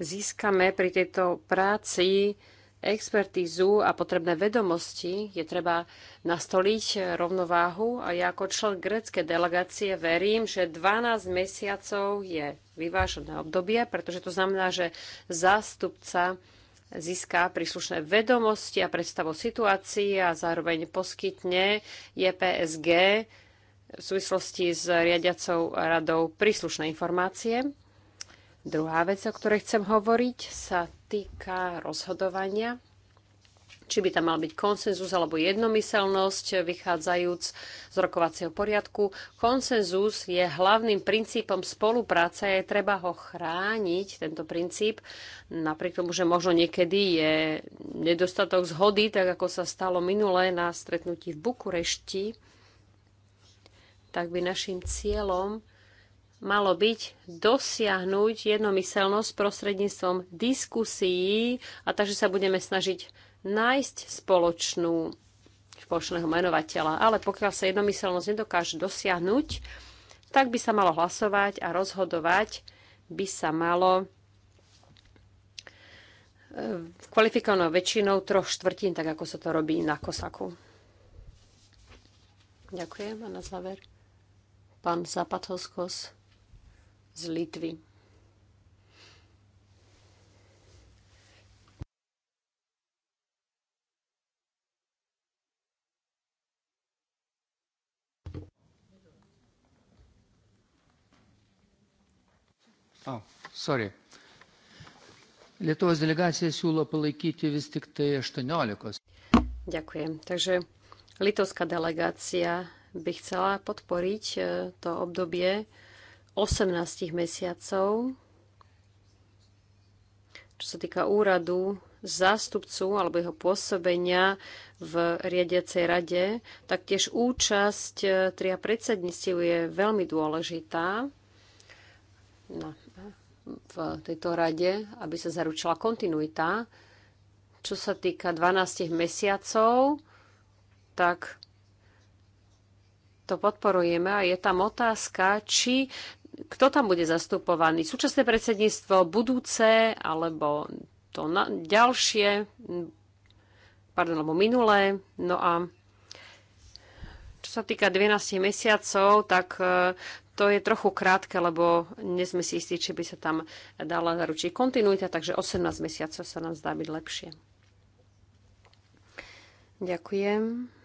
získame pri tejto práci expertízu a potrebné vedomosti. Je treba nastoliť rovnováhu a ja ako člen grecké delegácie verím, že 12 mesiacov je vyvážené obdobie, pretože to znamená, že zástupca získa príslušné vedomosti a predstavu situácii a zároveň poskytne JPSG v súvislosti s riadiacou radou príslušné informácie. Druhá vec, o ktorej chcem hovoriť, sa týka rozhodovania. Či by tam mal byť konsenzus alebo jednomyselnosť, vychádzajúc z rokovacieho poriadku. Konsenzus je hlavným princípom spolupráce a je treba ho chrániť, tento princíp. Napriek tomu, že možno niekedy je nedostatok zhody, tak ako sa stalo minulé na stretnutí v Bukurešti, tak by našim cieľom malo byť dosiahnuť jednomyselnosť prostredníctvom diskusií a takže sa budeme snažiť nájsť spoločnú spoločného menovateľa. Ale pokiaľ sa jednomyselnosť nedokáže dosiahnuť, tak by sa malo hlasovať a rozhodovať by sa malo e, kvalifikovanou väčšinou troch štvrtín, tak ako sa to robí na Kosaku. Ďakujem a na záver pán Zapatoskos z Litvy. Oh, sorry. Lietuvos delegácia siūlo palaikyti vis tik tai 18. Ďakujem. Takže litovská delegácia by chcela podporiť e, to obdobie 18 mesiacov, čo sa týka úradu zástupcu alebo jeho pôsobenia v riadiacej rade, tak tiež účasť e, tria predsedníctiev je veľmi dôležitá no, v tejto rade, aby sa zaručila kontinuita. Čo sa týka 12 mesiacov, tak to podporujeme a je tam otázka, či kto tam bude zastupovaný? Súčasné predsedníctvo, budúce alebo to na, ďalšie, pardon, alebo minulé. No a čo sa týka 12 mesiacov, tak e, to je trochu krátke, lebo nesme si istí, či by sa tam dala zaručiť kontinuita, takže 18 mesiacov sa nám zdá byť lepšie. Ďakujem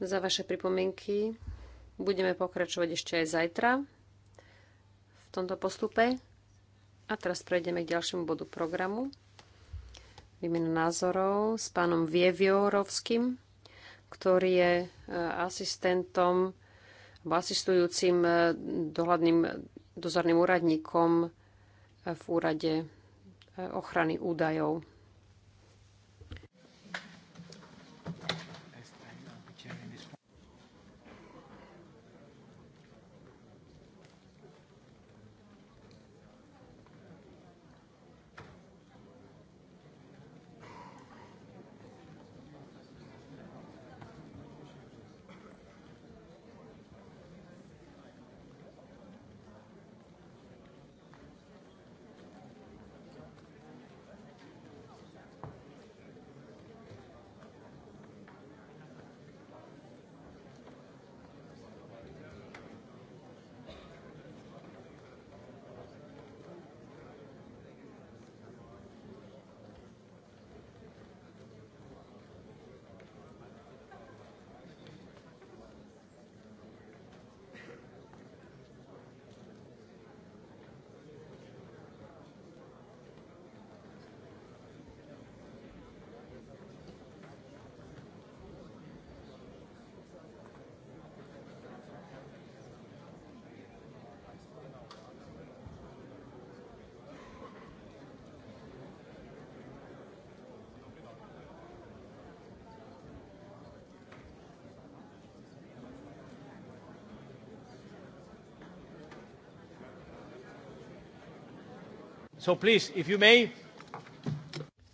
za vaše pripomienky. Budeme pokračovať ešte aj zajtra v tomto postupe. A teraz prejdeme k ďalšiemu bodu programu. Výmenu názorov s pánom Vieviorovským, ktorý je e, asistentom alebo asistujúcim e, dohľadným dozorným úradníkom e, v úrade ochrany údajov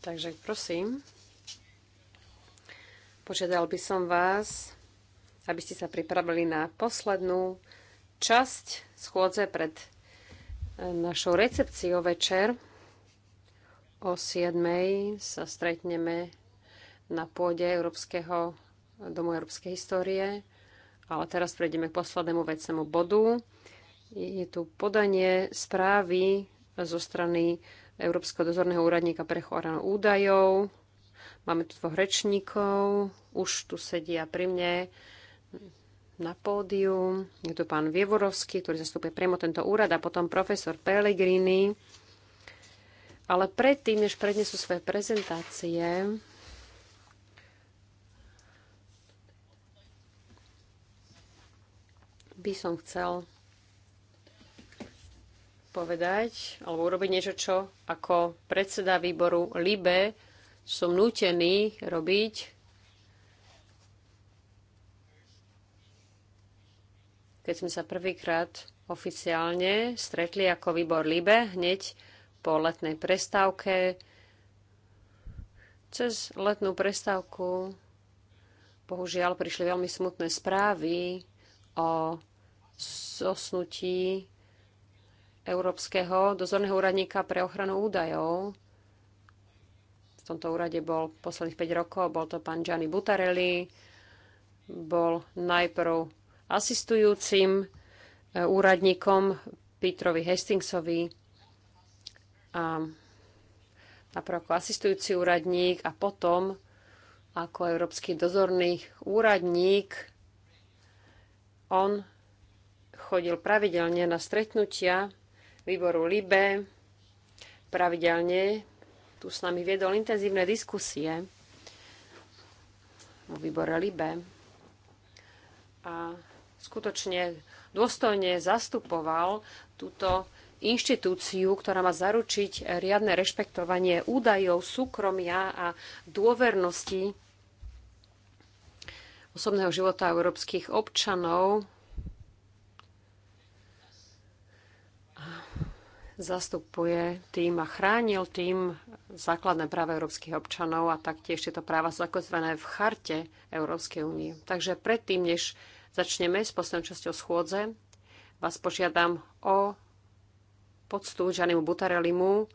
Takže prosím, požiadal by som vás, aby ste sa pripravili na poslednú časť schôdze pred e, našou recepciou večer. O 7. sa stretneme na pôde Európskeho domu Európskej histórie. Ale teraz prejdeme k poslednému vecnému bodu. Je tu podanie správy zo strany Európskeho dozorného úradníka pre ochranu údajov. Máme tu dvoch rečníkov, už tu sedia pri mne na pódiu. Je tu pán Vievorovský, ktorý zastupuje priamo tento úrad a potom profesor Pellegrini. Ale predtým, než prednesú svoje prezentácie, by som chcel povedať alebo urobiť niečo, čo ako predseda výboru LIBE som nútený robiť, keď sme sa prvýkrát oficiálne stretli ako výbor LIBE hneď po letnej prestávke. Cez letnú prestávku bohužiaľ prišli veľmi smutné správy o zosnutí Európskeho dozorného úradníka pre ochranu údajov. V tomto úrade bol posledných 5 rokov, bol to pán Gianni Butarelli, bol najprv asistujúcim e, úradníkom Petrovi Hastingsovi a najprv ako asistujúci úradník a potom ako európsky dozorný úradník. On chodil pravidelne na stretnutia výboru LIBE pravidelne tu s nami viedol intenzívne diskusie vo výbore LIBE a skutočne dôstojne zastupoval túto inštitúciu, ktorá má zaručiť riadne rešpektovanie údajov, súkromia a dôvernosti osobného života európskych občanov. zastupuje tým a chránil tým základné práva európskych občanov a taktiež tieto práva sú zakotvené v charte Európskej únie. Takže predtým, než začneme s poslednou časťou schôdze, vás požiadam o poctu Žanimu Butarelimu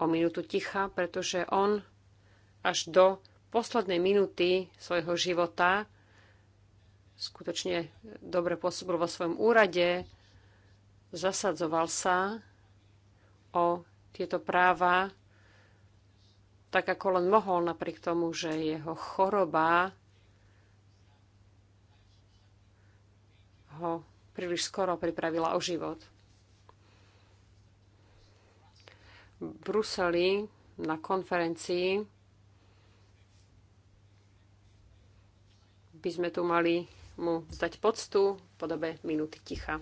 o minútu ticha, pretože on až do poslednej minúty svojho života skutočne dobre pôsobil vo svojom úrade, zasadzoval sa o tieto práva tak ako len mohol, napriek tomu, že jeho choroba ho príliš skoro pripravila o život. V Bruseli na konferencii by sme tu mali mu zdať poctu v podobe minúty ticha.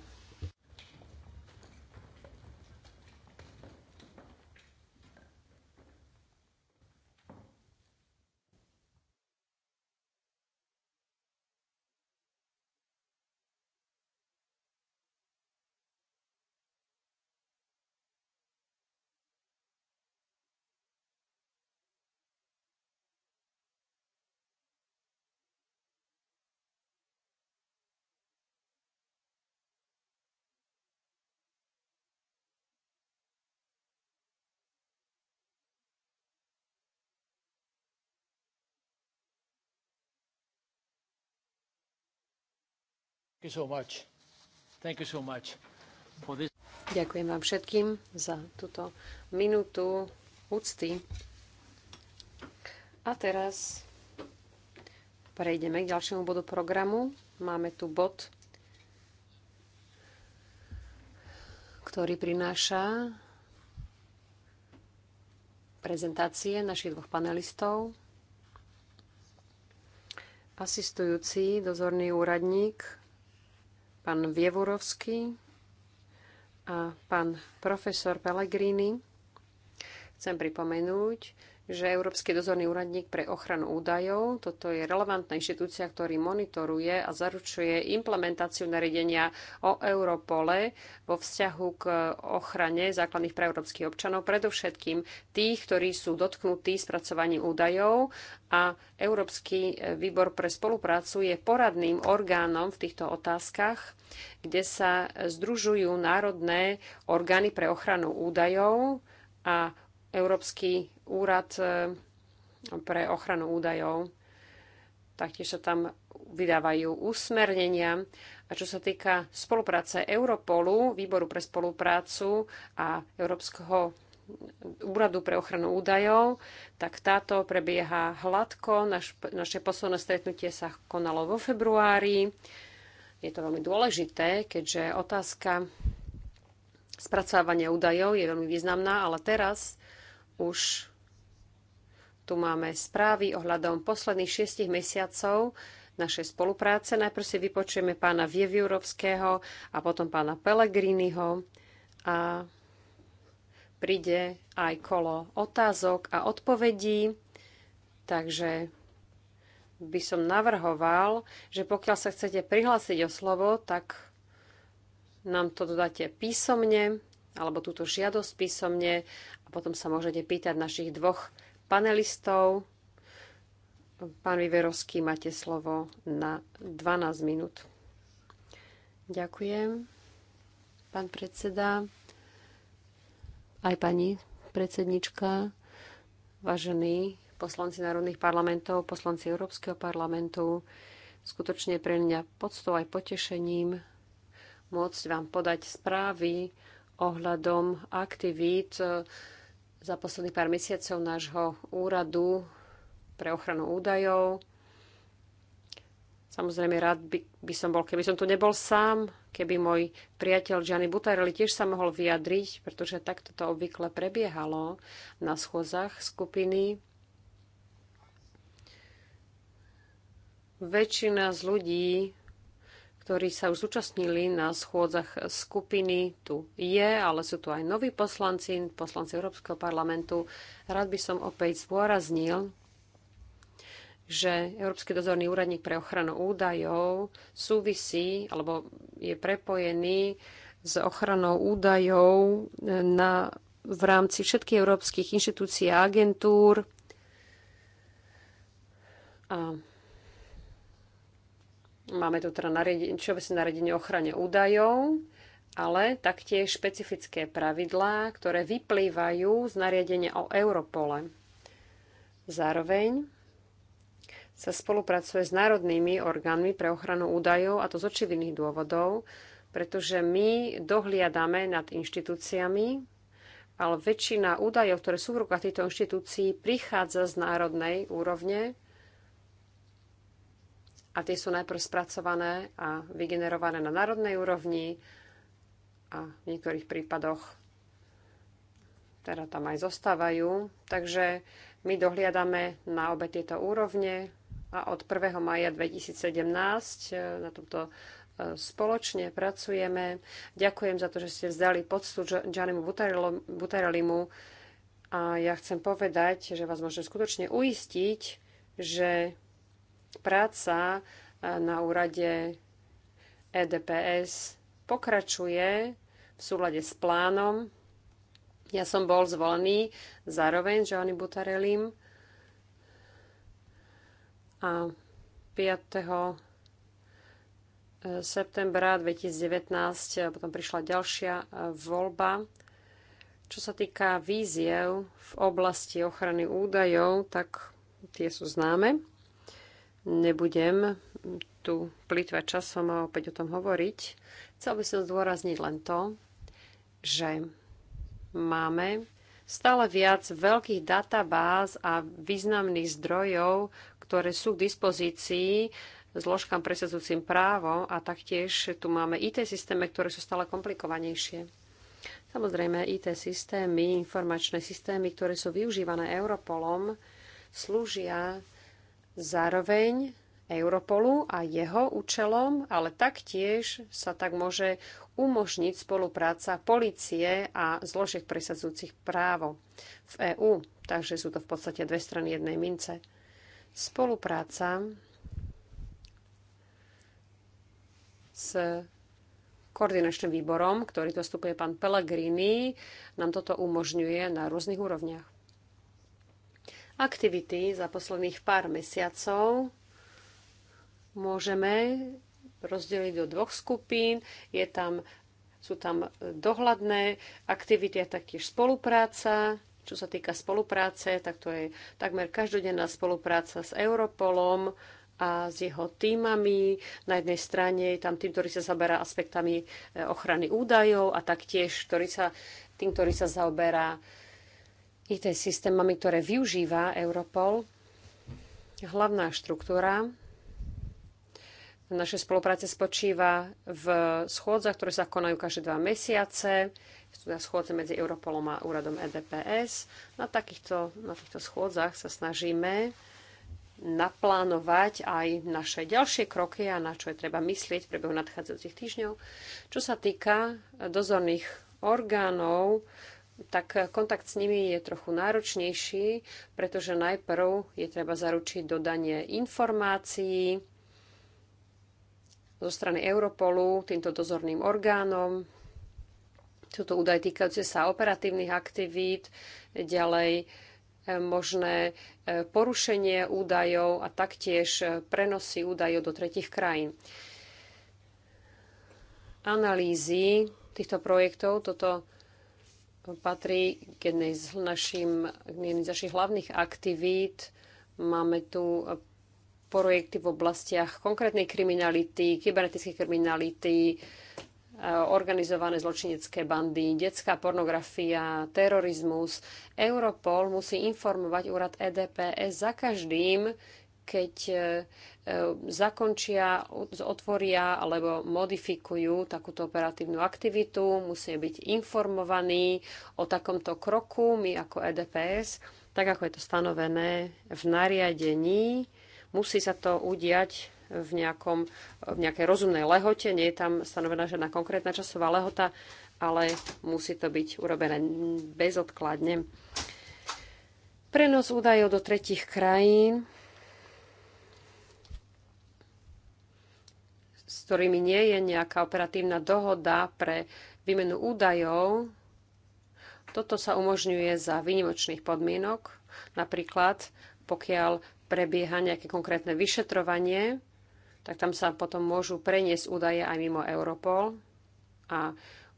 Ďakujem vám všetkým za túto minútu úcty. A teraz prejdeme k ďalšiemu bodu programu. Máme tu bod, ktorý prináša prezentácie našich dvoch panelistov. Asistujúci dozorný úradník pán Vievorovský a pán profesor Pellegrini. Chcem pripomenúť, že Európsky dozorný úradník pre ochranu údajov, toto je relevantná inštitúcia, ktorý monitoruje a zaručuje implementáciu nariadenia o Europole vo vzťahu k ochrane základných práv európskych občanov, predovšetkým tých, ktorí sú dotknutí spracovaním údajov a Európsky výbor pre spoluprácu je poradným orgánom v týchto otázkach, kde sa združujú národné orgány pre ochranu údajov a Európsky úrad e, pre ochranu údajov. Taktiež sa tam vydávajú usmernenia. A čo sa týka spolupráce Europolu, Výboru pre spoluprácu a Európskeho úradu pre ochranu údajov, tak táto prebieha hladko. Naš, naše posledné stretnutie sa konalo vo februári. Je to veľmi dôležité, keďže otázka spracovania údajov je veľmi významná, ale teraz už tu máme správy ohľadom posledných šiestich mesiacov našej spolupráce. Najprv si vypočujeme pána Vievjurovského a potom pána Pelegriniho a príde aj kolo otázok a odpovedí. Takže by som navrhoval, že pokiaľ sa chcete prihlásiť o slovo, tak nám to dodáte písomne, alebo túto žiadosť písomne a potom sa môžete pýtať našich dvoch panelistov. Pán Viverovský, máte slovo na 12 minút. Ďakujem, pán predseda, aj pani predsednička, vážení poslanci národných parlamentov, poslanci Európskeho parlamentu. Skutočne pre mňa poctou aj potešením môcť vám podať správy ohľadom aktivít za posledných pár mesiacov nášho úradu pre ochranu údajov. Samozrejme, rád by, by som bol, keby som tu nebol sám, keby môj priateľ Gianni Butarelli tiež sa mohol vyjadriť, pretože takto to obvykle prebiehalo na schôzach skupiny. Väčšina z ľudí ktorí sa už zúčastnili na schôdzach skupiny, tu je, ale sú tu aj noví poslanci, poslanci Európskeho parlamentu. Rád by som opäť zdôraznil, že Európsky dozorný úradník pre ochranu údajov súvisí alebo je prepojený s ochranou údajov na, v rámci všetkých európskych inštitúcií a agentúr. A Máme tu teda nariadenie, všeobecné nariadenie ochrane údajov, ale taktiež špecifické pravidlá, ktoré vyplývajú z nariadenia o Europole. Zároveň sa spolupracuje s národnými orgánmi pre ochranu údajov, a to z očividných dôvodov, pretože my dohliadame nad inštitúciami, ale väčšina údajov, ktoré sú v rukách týchto inštitúcií, prichádza z národnej úrovne a tie sú najprv spracované a vygenerované na národnej úrovni a v niektorých prípadoch teda tam aj zostávajú. Takže my dohliadame na obe tieto úrovne a od 1. maja 2017 na tomto e, spoločne pracujeme. Ďakujem za to, že ste vzdali poctu Giannimu Butarelimu a ja chcem povedať, že vás môžem skutočne uistiť, že Práca e, na úrade EDPS pokračuje v súlade s plánom. Ja som bol zvolený zároveň Giovanni Butarelim a 5 e, septembra 2019 e, potom prišla ďalšia voľba. Čo sa týka víziev v oblasti ochrany údajov, tak tie sú známe. Nebudem tu plýtvať časom a opäť o tom hovoriť. Chcel by som zdôrazniť len to, že máme stále viac veľkých databáz a významných zdrojov, ktoré sú k dispozícii zložkám presadzujúcim právo a taktiež tu máme IT systémy, ktoré sú stále komplikovanejšie. Samozrejme, IT systémy, informačné systémy, ktoré sú využívané Europolom, slúžia zároveň Europolu a jeho účelom, ale taktiež sa tak môže umožniť spolupráca policie a zložiek presadzujúcich právo v EÚ. Takže sú to v podstate dve strany jednej mince. Spolupráca s koordinačným výborom, ktorý dostupuje pán Pellegrini, nám toto umožňuje na rôznych úrovniach aktivity za posledných pár mesiacov môžeme rozdeliť do dvoch skupín. Je tam, sú tam dohľadné aktivity a taktiež spolupráca. Čo sa týka spolupráce, tak to je takmer každodenná spolupráca s Europolom a s jeho týmami. Na jednej strane je tam tým, ktorý sa zaberá aspektami eh, ochrany údajov a taktiež ktorý sa, tým, ktorý sa zaoberá IT systémami, ktoré využíva Europol. Hlavná štruktúra naše spolupráce spočíva v schôdzach, ktoré sa konajú každé dva mesiace, schôdze medzi Europolom a úradom EDPS. Na takýchto, na týchto schôdzach sa snažíme naplánovať aj naše ďalšie kroky a na čo je treba myslieť v priebehu nadchádzajúcich týždňov. Čo sa týka dozorných orgánov, tak kontakt s nimi je trochu náročnejší, pretože najprv je treba zaručiť dodanie informácií zo strany Europolu, týmto dozorným orgánom. Sú to údaje týkajúce sa operatívnych aktivít, ďalej e, možné e, porušenie údajov a taktiež e, prenosy údajov do tretich krajín. Analýzy týchto projektov, toto patrí k jednej z, našim, jednej z našich hlavných aktivít. Máme tu projekty v oblastiach konkrétnej kriminality, kybernetickej kriminality, e, organizované zločinecké bandy, detská pornografia, terorizmus. Europol musí informovať úrad EDPS za každým, keď e, E, zakončia, otvoria alebo modifikujú takúto operatívnu aktivitu. musia byť informovaní o takomto kroku my ako EDPS, tak ako je to stanovené v nariadení. Musí sa to udiať v, nejakom, v nejakej rozumnej lehote. Nie je tam stanovená žiadna konkrétna časová lehota, ale musí to byť urobené bezodkladne. Prenos údajov do tretich krajín ktorými nie je nejaká operatívna dohoda pre výmenu údajov. Toto sa umožňuje za výnimočných podmienok, napríklad pokiaľ prebieha nejaké konkrétne vyšetrovanie, tak tam sa potom môžu preniesť údaje aj mimo Europol a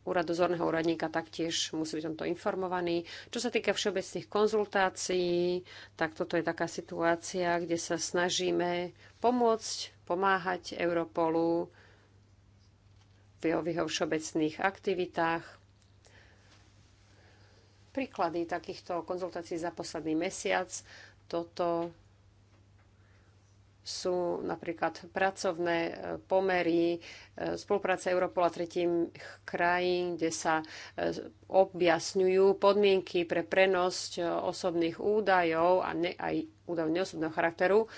úrad dozorného úradníka taktiež musí byť tomto informovaný. Čo sa týka všeobecných konzultácií, tak toto je taká situácia, kde sa snažíme pomôcť, pomáhať Europolu v jeho všeobecných aktivitách. Príklady takýchto konzultácií za posledný mesiac. Toto sú napríklad pracovné pomery, spolupráca Europola tretím krajín, kde sa objasňujú podmienky pre prenos osobných údajov a ne, aj údajov neosobného charakteru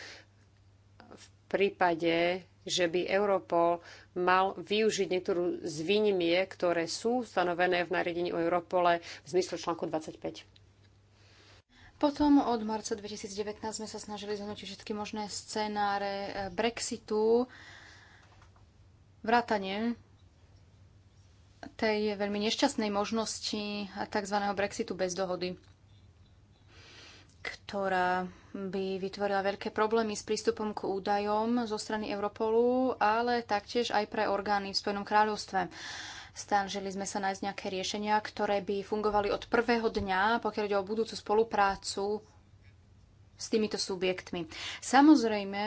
v prípade že by Europol mal využiť niektorú z výnimie, ktoré sú stanovené v nariadení o Europole v zmysle článku 25. Potom od marca 2019 sme sa snažili zhodnotiť všetky možné scenáre e, Brexitu, vrátanie tej veľmi nešťastnej možnosti tzv. Brexitu bez dohody ktorá by vytvorila veľké problémy s prístupom k údajom zo strany Europolu, ale taktiež aj pre orgány v Spojenom kráľovstve. Snažili sme sa nájsť nejaké riešenia, ktoré by fungovali od prvého dňa, pokiaľ ide o budúcu spoluprácu s týmito subjektmi. Samozrejme,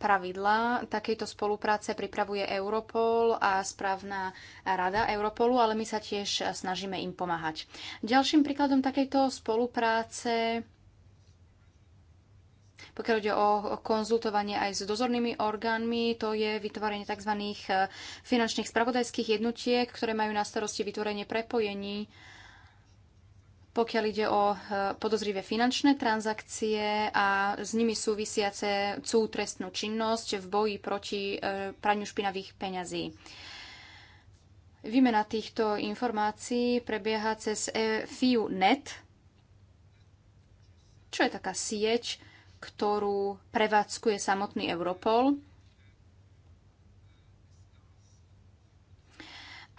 pravidlá takejto spolupráce pripravuje Europol a správna rada Europolu, ale my sa tiež snažíme im pomáhať. Ďalším príkladom takejto spolupráce pokiaľ ide o konzultovanie aj s dozornými orgánmi, to je vytvorenie tzv. finančných spravodajských jednotiek, ktoré majú na starosti vytvorenie prepojení pokiaľ ide o e, podozrivé finančné transakcie a s nimi súvisiace cú trestnú činnosť v boji proti e, praniu špinavých peňazí. Výmena týchto informácií prebieha cez e, FIU.net, čo je taká sieť, ktorú prevádzkuje samotný Europol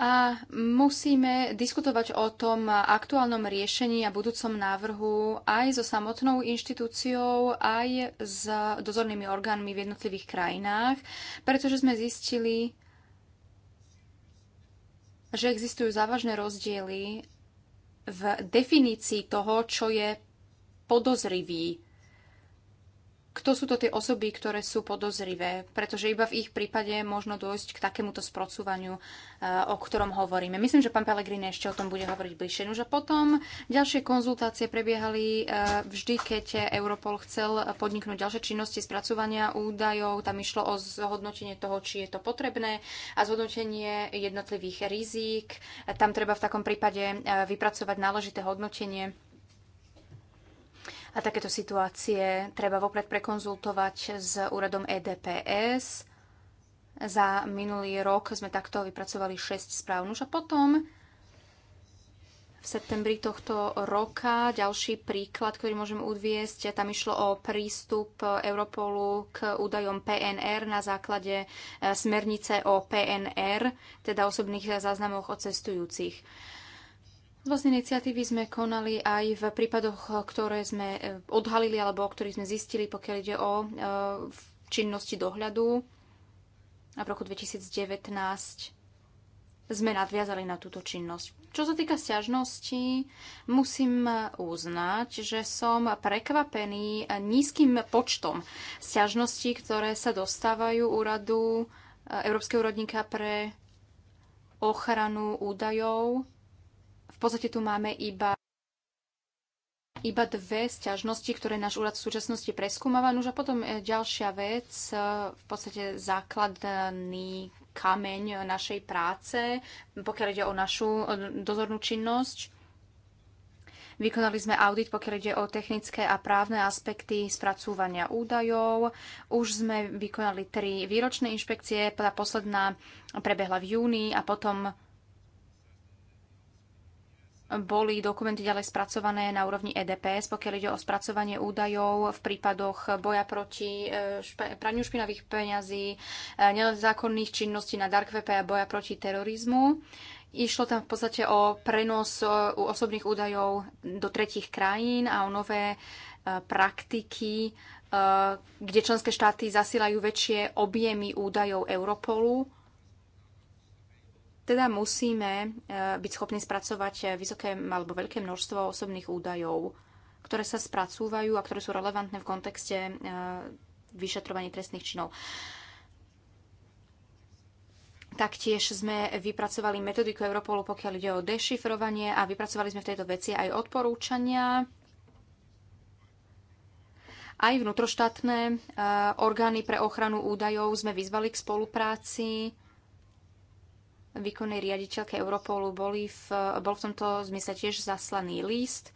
A musíme diskutovať o tom aktuálnom riešení a budúcom návrhu aj so samotnou inštitúciou, aj s dozornými orgánmi v jednotlivých krajinách, pretože sme zistili, že existujú závažné rozdiely v definícii toho, čo je podozrivý kto sú to tie osoby, ktoré sú podozrivé, pretože iba v ich prípade možno dôjsť k takémuto sprocúvaniu, e, o ktorom hovoríme. Myslím, že pán Pellegrini ešte o tom bude hovoriť bližšie. Už a potom ďalšie konzultácie prebiehali e, vždy, keď Europol chcel podniknúť ďalšie činnosti spracovania údajov. Tam išlo o zhodnotenie toho, či je to potrebné a zhodnotenie jednotlivých rizík. E, tam treba v takom prípade vypracovať náležité hodnotenie a takéto situácie treba vopred prekonzultovať s úradom EDPS. Za minulý rok sme takto vypracovali 6 správ. už a potom v septembri tohto roka. Ďalší príklad, ktorý môžem udviesť, tam išlo o prístup Europolu k údajom PNR na základe e, smernice o PNR, teda osobných záznamoch o cestujúcich. Vlastne iniciatívy sme konali aj v prípadoch, ktoré sme e, odhalili alebo o ktorých sme zistili, pokiaľ ide o e, činnosti dohľadu. A v roku 2019 sme nadviazali na túto činnosť. Čo sa týka sťažnosti musím uznať, že som prekvapený nízkym počtom sťažností, ktoré sa dostávajú úradu e, Európskeho úrodníka pre ochranu údajov podstate tu máme iba iba dve sťažnosti, ktoré náš úrad v súčasnosti preskúmava. už a potom e, ďalšia vec, e, v podstate základný kameň našej práce, pokiaľ ide o našu e, dozornú činnosť. Vykonali sme audit, pokiaľ ide o technické a právne aspekty spracúvania údajov. Už sme vykonali tri výročné inšpekcie, tá posledná prebehla v júni a potom boli dokumenty ďalej spracované na úrovni EDPS, pokiaľ ide o spracovanie údajov v prípadoch boja proti e, praniu špinavých peňazí, e, nezákonných činností na dark a boja proti terorizmu. Išlo tam v podstate o prenos e, osobných údajov do tretich krajín a o nové praktiky, kde členské štáty zasilajú väčšie objemy údajov Europolu teda musíme e, byť schopní spracovať vysoké alebo veľké množstvo osobných údajov, ktoré sa spracúvajú a ktoré sú relevantné v kontexte e, vyšetrovaní trestných činov. Taktiež sme vypracovali metodiku Europolu, pokiaľ ide o dešifrovanie a vypracovali sme v tejto veci aj odporúčania aj vnútroštátne e, orgány pre ochranu údajov sme vyzvali k spolupráci výkonnej riaditeľke Europolu boli v, bol v tomto zmysle tiež zaslaný list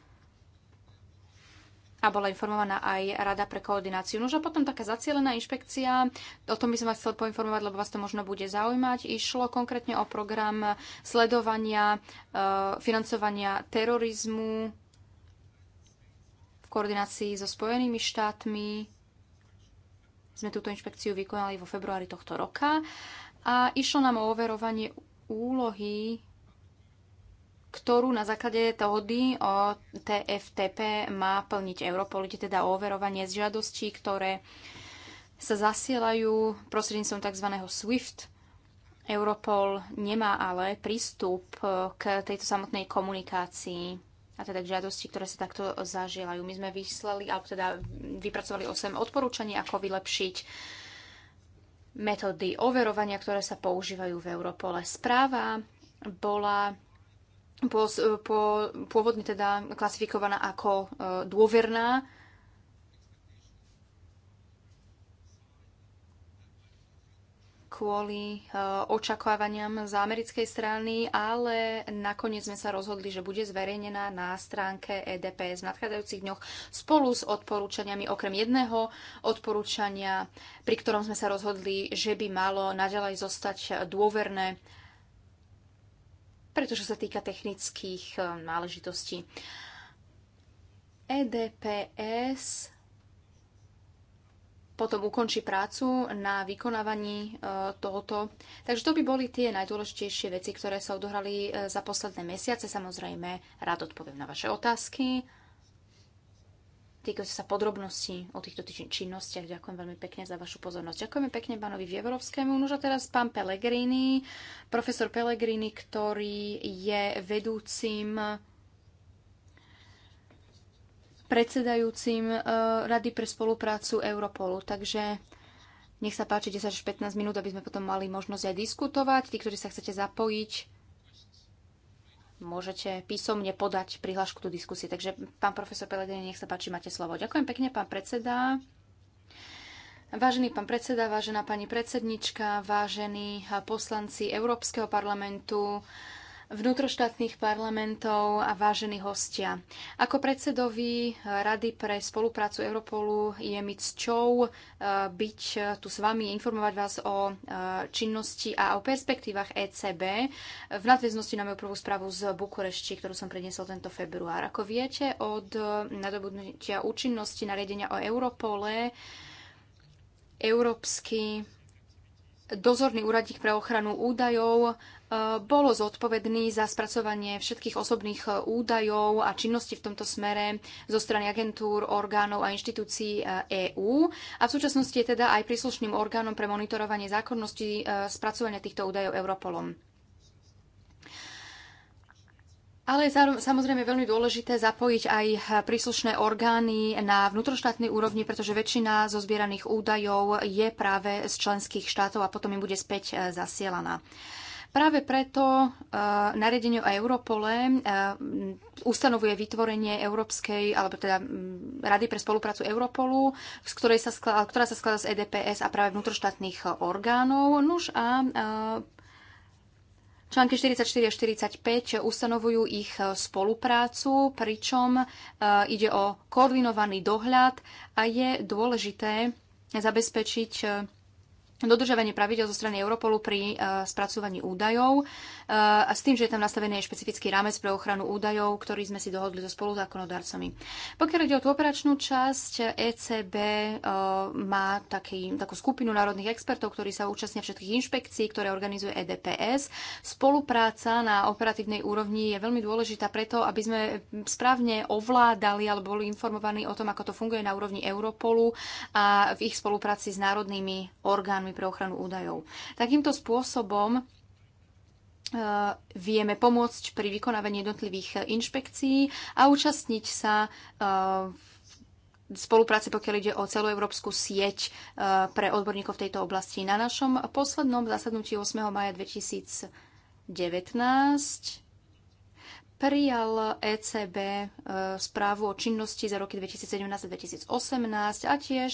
a bola informovaná aj Rada pre koordináciu. a potom taká zacielená inšpekcia, o tom by som vás chcel poinformovať, lebo vás to možno bude zaujímať. Išlo konkrétne o program sledovania, e, financovania terorizmu v koordinácii so Spojenými štátmi. Sme túto inšpekciu vykonali vo februári tohto roka a išlo nám o overovanie úlohy, ktorú na základe dohody o TFTP má plniť Europol, teda o overovanie z žiadostí, ktoré sa zasielajú prostredníctvom tzv. SWIFT. Europol nemá ale prístup k tejto samotnej komunikácii a teda k žiadosti, ktoré sa takto zažielajú. My sme vyslali, alebo teda vypracovali 8 odporúčaní, ako vylepšiť metódy overovania, ktoré sa používajú v Europole. Správa bola pôvodne teda klasifikovaná ako e, dôverná kvôli e, očakávaniam z americkej strany, ale nakoniec sme sa rozhodli, že bude zverejnená na stránke EDPS v nadchádzajúcich dňoch spolu s odporúčaniami okrem jedného odporúčania, pri ktorom sme sa rozhodli, že by malo naďalej zostať dôverné pretože sa týka technických e, náležitostí. EDPS potom ukončí prácu na vykonávaní e, tohoto. Takže to by boli tie najdôležitejšie veci, ktoré sa odohrali e, za posledné mesiace. Samozrejme, rád odpoviem na vaše otázky. Týkajú sa podrobností o týchto činnostiach. Ďakujem veľmi pekne za vašu pozornosť. Ďakujeme pekne pánovi Vievorovskému. Už a teraz pán Pellegrini, profesor Pellegrini, ktorý je vedúcim predsedajúcim eh, Rady pre spoluprácu Europolu. Takže nech sa páči 10 až 15 minút, aby sme potom mali možnosť aj diskutovať. Tí, ktorí sa chcete zapojiť, môžete písomne podať prihlášku do diskusie. Takže pán profesor Pelegrini, nech sa páči, máte slovo. Ďakujem pekne, pán predseda. Vážený pán predseda, vážená pani predsednička, vážení eh, poslanci Európskeho parlamentu, vnútroštátnych parlamentov a vážení hostia. Ako predsedovi Rady pre spoluprácu Europolu je mi cťou e, byť tu s vami, informovať vás o e, činnosti a o perspektívach ECB v nadväznosti na moju prvú správu z Bukurešti, ktorú som predniesol tento február. Ako viete, od e, nadobudnutia účinnosti nariadenia o Europole Európsky dozorný úradník pre ochranu údajov e, bolo zodpovedný za spracovanie všetkých osobných e, údajov a činnosti v tomto smere zo strany agentúr, orgánov a inštitúcií EÚ e a v súčasnosti je teda aj príslušným orgánom pre monitorovanie zákonnosti spracovania týchto údajov Europolom. Ale je samozrejme veľmi dôležité zapojiť aj príslušné orgány na vnútroštátnej úrovni, pretože väčšina zo zbieraných údajov je práve z členských štátov a potom im bude späť e, zasielaná. Práve preto e, nariadenie o Europole e, ustanovuje vytvorenie Európskej, alebo teda Rady pre spoluprácu Europolu, z ktorej sa skladá, ktorá sa skladá z EDPS a práve vnútroštátnych orgánov. Nuž a Články 44 a 45 ustanovujú ich e, spoluprácu, pričom e, ide o koordinovaný dohľad a je dôležité zabezpečiť e, dodržovanie pravidel zo strany Europolu pri uh, spracovaní údajov uh, a s tým, že je tam nastavený špecifický rámec pre ochranu údajov, ktorý sme si dohodli so spoluzákonodarcami. Pokiaľ ide o tú operačnú časť, ECB uh, e, má taký, takú skupinu národných expertov, ktorí sa účastnia všetkých inšpekcií, ktoré organizuje EDPS. Spolupráca na operatívnej úrovni je veľmi dôležitá preto, aby sme správne ovládali alebo boli informovaní o tom, ako to funguje na úrovni Europolu a v ich spolupráci s národnými orgánmi orgánmi pre ochranu údajov. Takýmto spôsobom e, vieme pomôcť pri vykonávaní jednotlivých inšpekcií a účastniť sa e, v spolupráce, pokiaľ ide o celú európsku sieť e, pre odborníkov v tejto oblasti. Na našom poslednom zasadnutí 8. maja 2019 prijal ECB správu o činnosti za roky 2017 a 2018 a tiež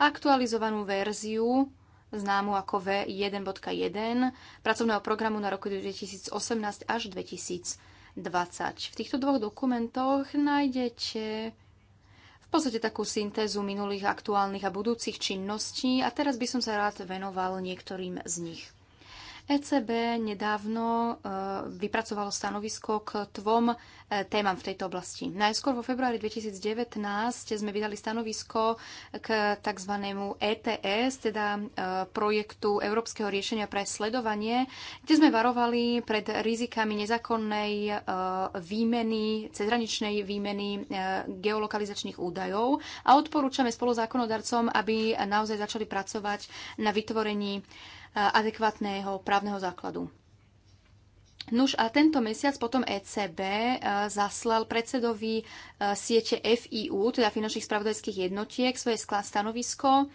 aktualizovanú verziu známu ako V1.1 pracovného programu na roku 2018 až 2020. V týchto dvoch dokumentoch nájdete v podstate takú syntézu minulých, aktuálnych a budúcich činností a teraz by som sa rád venoval niektorým z nich. ECB nedávno e, vypracovalo stanovisko k tvom e, témam v tejto oblasti. Najskôr vo februári 2019 sme vydali stanovisko k tzv. ETS, teda e, projektu Európskeho riešenia pre sledovanie, kde sme varovali pred rizikami nezákonnej výmeny, cezhraničnej výmeny geolokalizačných údajov a odporúčame zákonodarcom, aby naozaj začali pracovať na vytvorení adekvátneho právneho základu. Nuž a tento mesiac potom ECB e, zaslal predsedovi e, siete FIU, teda finančných spravodajských jednotiek, svoje stanovisko,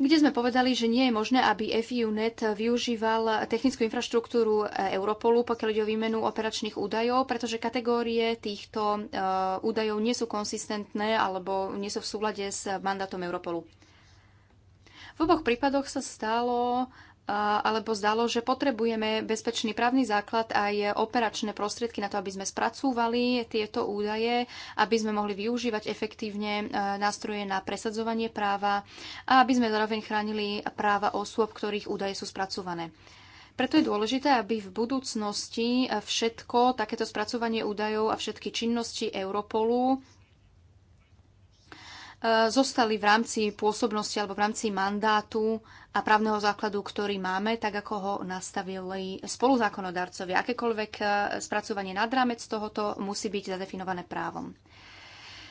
kde sme povedali, že nie je možné, aby FIUNet využíval technickú infraštruktúru e, Europolu, pokiaľ ide o výmenu operačných údajov, pretože kategórie týchto údajov nie sú konsistentné alebo nie sú v súlade s mandátom Europolu. V oboch prípadoch sa stalo alebo zdalo, že potrebujeme bezpečný právny základ aj operačné prostriedky na to, aby sme spracúvali tieto údaje, aby sme mohli využívať efektívne e, nástroje na presadzovanie práva a aby sme zároveň chránili práva osôb, ktorých údaje sú spracované. Preto je dôležité, aby v budúcnosti e, všetko, takéto spracovanie údajov a všetky činnosti Europolu E, zostali v rámci pôsobnosti alebo v rámci mandátu a právneho základu, ktorý máme, tak ako ho nastavili spoluzákonodarcovi. Akékoľvek e, spracovanie nad rámec tohoto musí byť zadefinované právom.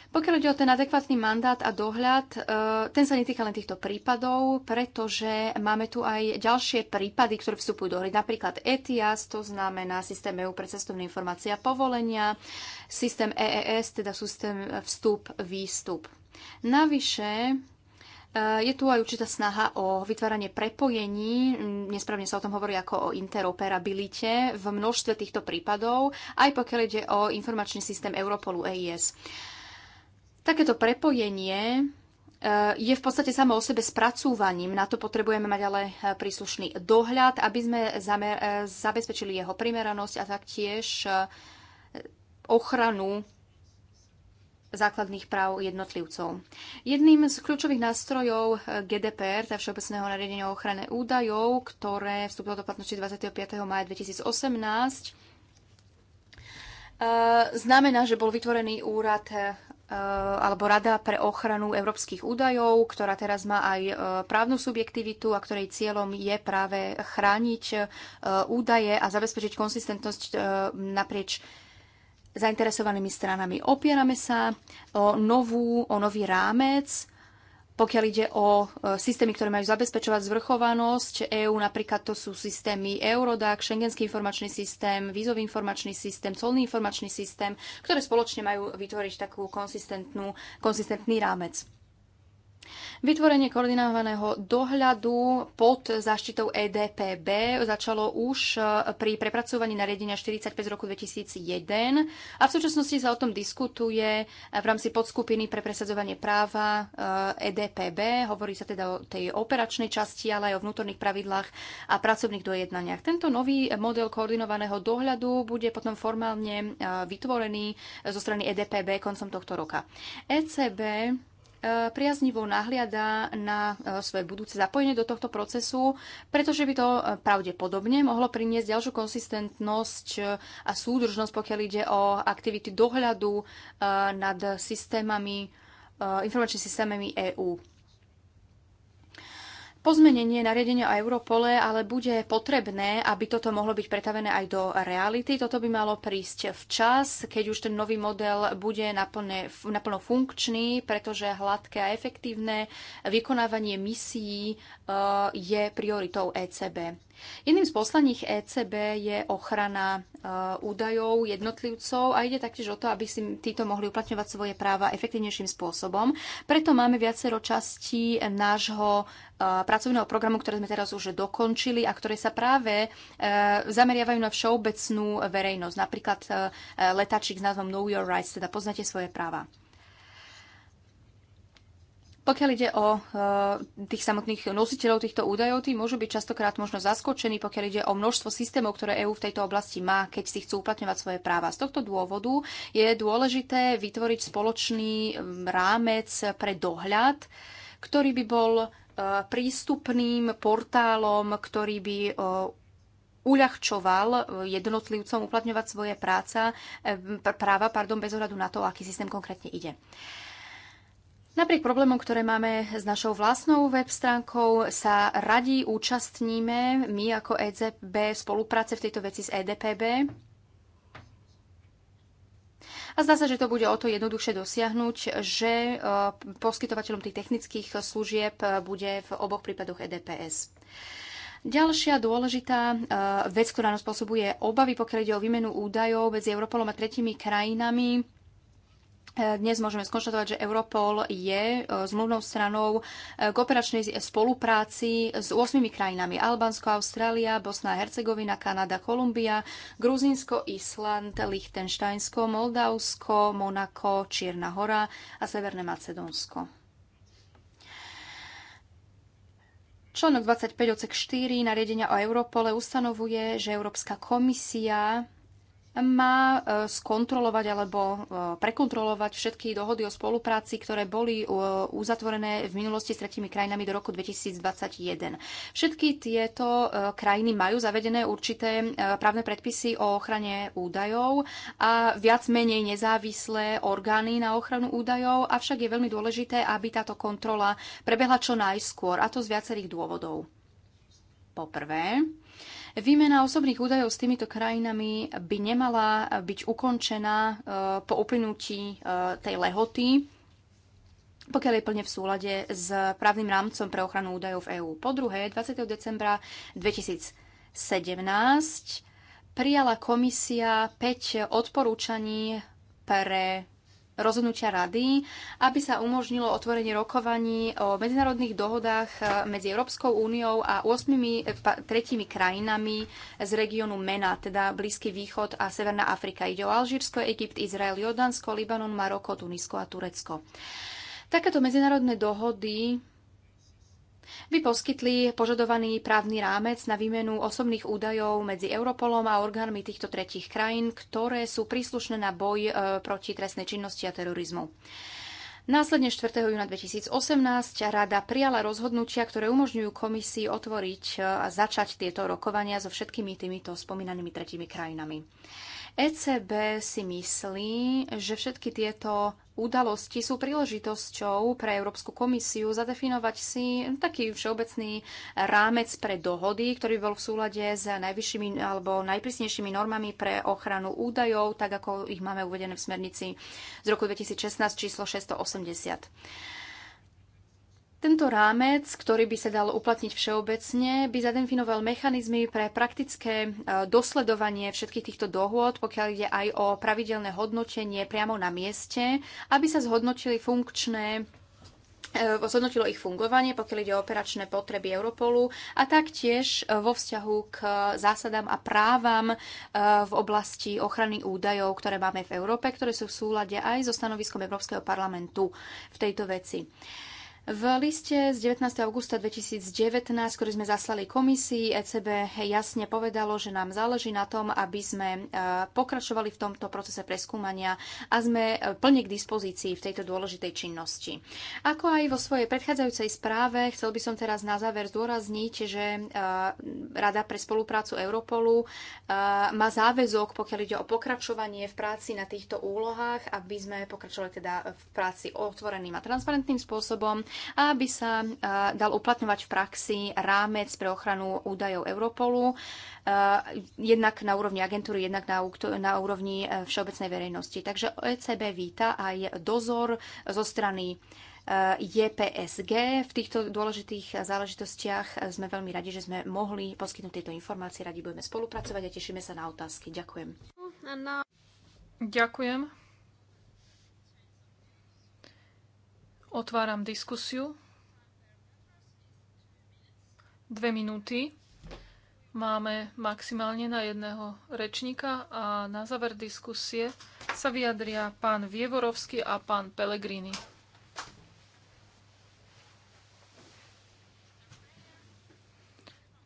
Pokiaľ ide o ten adekvátny mandát a dohľad, e, ten sa netýka len týchto prípadov, pretože máme tu aj ďalšie prípady, ktoré vstupujú do hry. Napríklad ETIAS, to znamená systém EU pre cestovné informácie a povolenia, systém EES, teda systém vstup-výstup. Navyše, eh, je tu aj určitá snaha o vytváranie prepojení, mm, nesprávne sa o tom hovorí ako o interoperabilite v množstve týchto prípadov, aj pokiaľ ide o informačný systém Europolu EIS. Takéto prepojenie eh, je v podstate samo o sebe spracúvaním. Na to potrebujeme mať ale eh, príslušný dohľad, aby sme zabezpečili jeho primeranosť a taktiež ochranu základných práv jednotlivcov. Jedným z kľúčových nástrojov eh, GDPR, teda Všeobecného nariadenia o ochrane údajov, ktoré vstúpilo do platnosti 25. maja 2018, znamená, že bol vytvorený úrad eh, alebo Rada pre ochranu európskych údajov, ktorá teraz má aj eh, právnu subjektivitu a ktorej cieľom je práve chrániť údaje a zabezpečiť konsistentnosť naprieč zainteresovanými stranami. Opierame sa o, novú, o nový rámec, pokiaľ ide o e, systémy, ktoré majú zabezpečovať zvrchovanosť EÚ, napríklad to sú systémy Eurodac, Schengenský informačný systém, vízový informačný systém, colný informačný systém, ktoré spoločne majú vytvoriť takú konsistentnú, konsistentný rámec. Vytvorenie koordinovaného dohľadu pod záštitou EDPB začalo už e, pri prepracovaní nariadenia 45 z roku 2001 a v súčasnosti sa o tom diskutuje v rámci podskupiny pre presadzovanie práva EDPB. E Hovorí sa teda o tej operačnej časti, ale aj o vnútorných pravidlách a pracovných dojednaniach. Tento nový model koordinovaného dohľadu bude potom formálne e, vytvorený zo strany EDPB koncom tohto roka. ECB E, priaznivo nahliada na e, svoje budúce zapojenie do tohto procesu, pretože by to e, pravdepodobne mohlo priniesť ďalšiu konsistentnosť a súdržnosť, pokiaľ ide o aktivity dohľadu nad systémami, informačnými systémami EÚ pozmenenie nariadenia Europole, ale bude potrebné, aby toto mohlo byť pretavené aj do reality. Toto by malo prísť včas, keď už ten nový model bude naplne, naplno funkčný, pretože hladké a efektívne vykonávanie misií eh, je prioritou ECB. Jedným z poslaných ECB je ochrana eh, údajov jednotlivcov a ide taktiež o to, aby si títo mohli uplatňovať svoje práva efektívnejším spôsobom. Preto máme viacero častí nášho E, pracovného programu, ktoré sme teraz už dokončili a ktoré sa práve e, zameriavajú na všeobecnú verejnosť. Napríklad e, letačík s názvom Know Your Rights, teda poznáte svoje práva. Pokiaľ ide o e, tých samotných nositeľov týchto údajov, tí môžu byť častokrát možno zaskočení, pokiaľ ide o množstvo systémov, ktoré EÚ v tejto oblasti má, keď si chcú uplatňovať svoje práva. Z tohto dôvodu je dôležité vytvoriť spoločný rámec pre dohľad, ktorý by bol Eh, prístupným portálom, ktorý by eh, uľahčoval eh, jednotlivcom uplatňovať svoje práca, práva pardon, bez ohľadu na to, aký systém konkrétne ide. Napriek problémom, ktoré máme s našou vlastnou web stránkou, sa radi účastníme my ako ECB spolupráce v tejto veci s EDPB a zdá sa, že to bude o to jednoduchšie dosiahnuť, že e, poskytovateľom tých technických služieb e, bude v oboch prípadoch EDPS. Ďalšia dôležitá e, vec, ktorá nám spôsobuje obavy, pokiaľ ide o výmenu údajov medzi Europolom a tretimi krajinami, dnes môžeme skonštatovať, že Europol je e, zmluvnou stranou e, k operačnej spolupráci s 8 krajinami. Albánsko, Austrália, Bosna a Hercegovina, Kanada, Kolumbia, Gruzínsko, Island, Liechtensteinsko, Moldavsko, Monako, Čierna hora a Severné Macedónsko. Článok 25 odsek 4 nariadenia o Europole ustanovuje, že Európska komisia má e, skontrolovať alebo e, prekontrolovať všetky dohody o spolupráci, ktoré boli e, uzatvorené v minulosti s tretimi krajinami do roku 2021. Všetky tieto krajiny majú zavedené určité právne predpisy o ochrane údajov a viac menej nezávislé orgány na ochranu údajov, avšak je veľmi dôležité, aby táto kontrola prebehla čo najskôr, a to z viacerých dôvodov. Poprvé, Výmena osobných údajov s týmito krajinami by nemala byť ukončená e, po uplynutí e, tej lehoty, pokiaľ je plne v súlade s právnym rámcom pre ochranu údajov v EÚ. Po druhé, 20. decembra 2017 prijala komisia 5 odporúčaní pre rozhodnutia rady, aby sa umožnilo otvorenie rokovaní o medzinárodných dohodách eh, medzi Európskou úniou a 8 eh, tretími krajinami z regiónu MENA, teda Blízky východ a Severná Afrika. Ide o Alžírsko, Egypt, Izrael, Jordánsko, Libanon, Maroko, Tunisko a Turecko. Takéto medzinárodné dohody by poskytli požadovaný právny rámec na výmenu osobných údajov medzi Europolom a orgánmi týchto tretich krajín, ktoré sú príslušné na boj e, proti trestnej činnosti a terorizmu. Následne 4. júna 2018 rada prijala rozhodnutia, ktoré umožňujú komisii otvoriť e, a začať tieto rokovania so všetkými týmito spomínanými tretimi krajinami. ECB si myslí, že všetky tieto udalosti sú príležitosťou pre Európsku komisiu zadefinovať si taký všeobecný rámec pre dohody, ktorý bol v súlade s najvyššími alebo najprísnejšími normami pre ochranu údajov, tak ako ich máme uvedené v smernici z roku 2016 číslo 680. Tento rámec, ktorý by sa dal uplatniť všeobecne, by zadefinoval mechanizmy pre praktické e, dosledovanie všetkých týchto dohôd, pokiaľ ide aj o pravidelné hodnotenie priamo na mieste, aby sa zhodnotili funkčné e, zhodnotilo ich fungovanie, pokiaľ ide o operačné potreby Europolu a taktiež e, vo vzťahu k zásadám a právam v oblasti ochrany údajov, ktoré máme v Európe, ktoré sú v súlade aj so stanoviskom Európskeho parlamentu v tejto veci. V liste z 19. augusta 2019, ktorý sme zaslali komisii, ECB jasne povedalo, že nám záleží na tom, aby sme e, pokračovali v tomto procese preskúmania a sme e, plne k dispozícii v tejto dôležitej činnosti. Ako aj vo svojej predchádzajúcej správe, chcel by som teraz na záver zdôrazniť, že e, Rada pre spoluprácu Europolu má záväzok, pokiaľ ide o pokračovanie v práci na týchto úlohách, aby sme pokračovali teda v práci otvoreným a transparentným spôsobom aby sa dal uplatňovať v praxi rámec pre ochranu údajov Europolu, jednak na úrovni agentúry, jednak na úrovni e, všeobecnej verejnosti. Takže OECB víta aj dozor zo strany e, JPSG. V týchto dôležitých záležitostiach e, sme veľmi radi, že sme mohli poskytnúť tieto informácie. Radi budeme spolupracovať a tešíme sa na otázky. Ďakujem. Ďakujem. Otváram diskusiu. Dve minúty. Máme maximálne na jedného rečníka a na záver diskusie sa vyjadria pán Vievorovský a pán Pelegrini.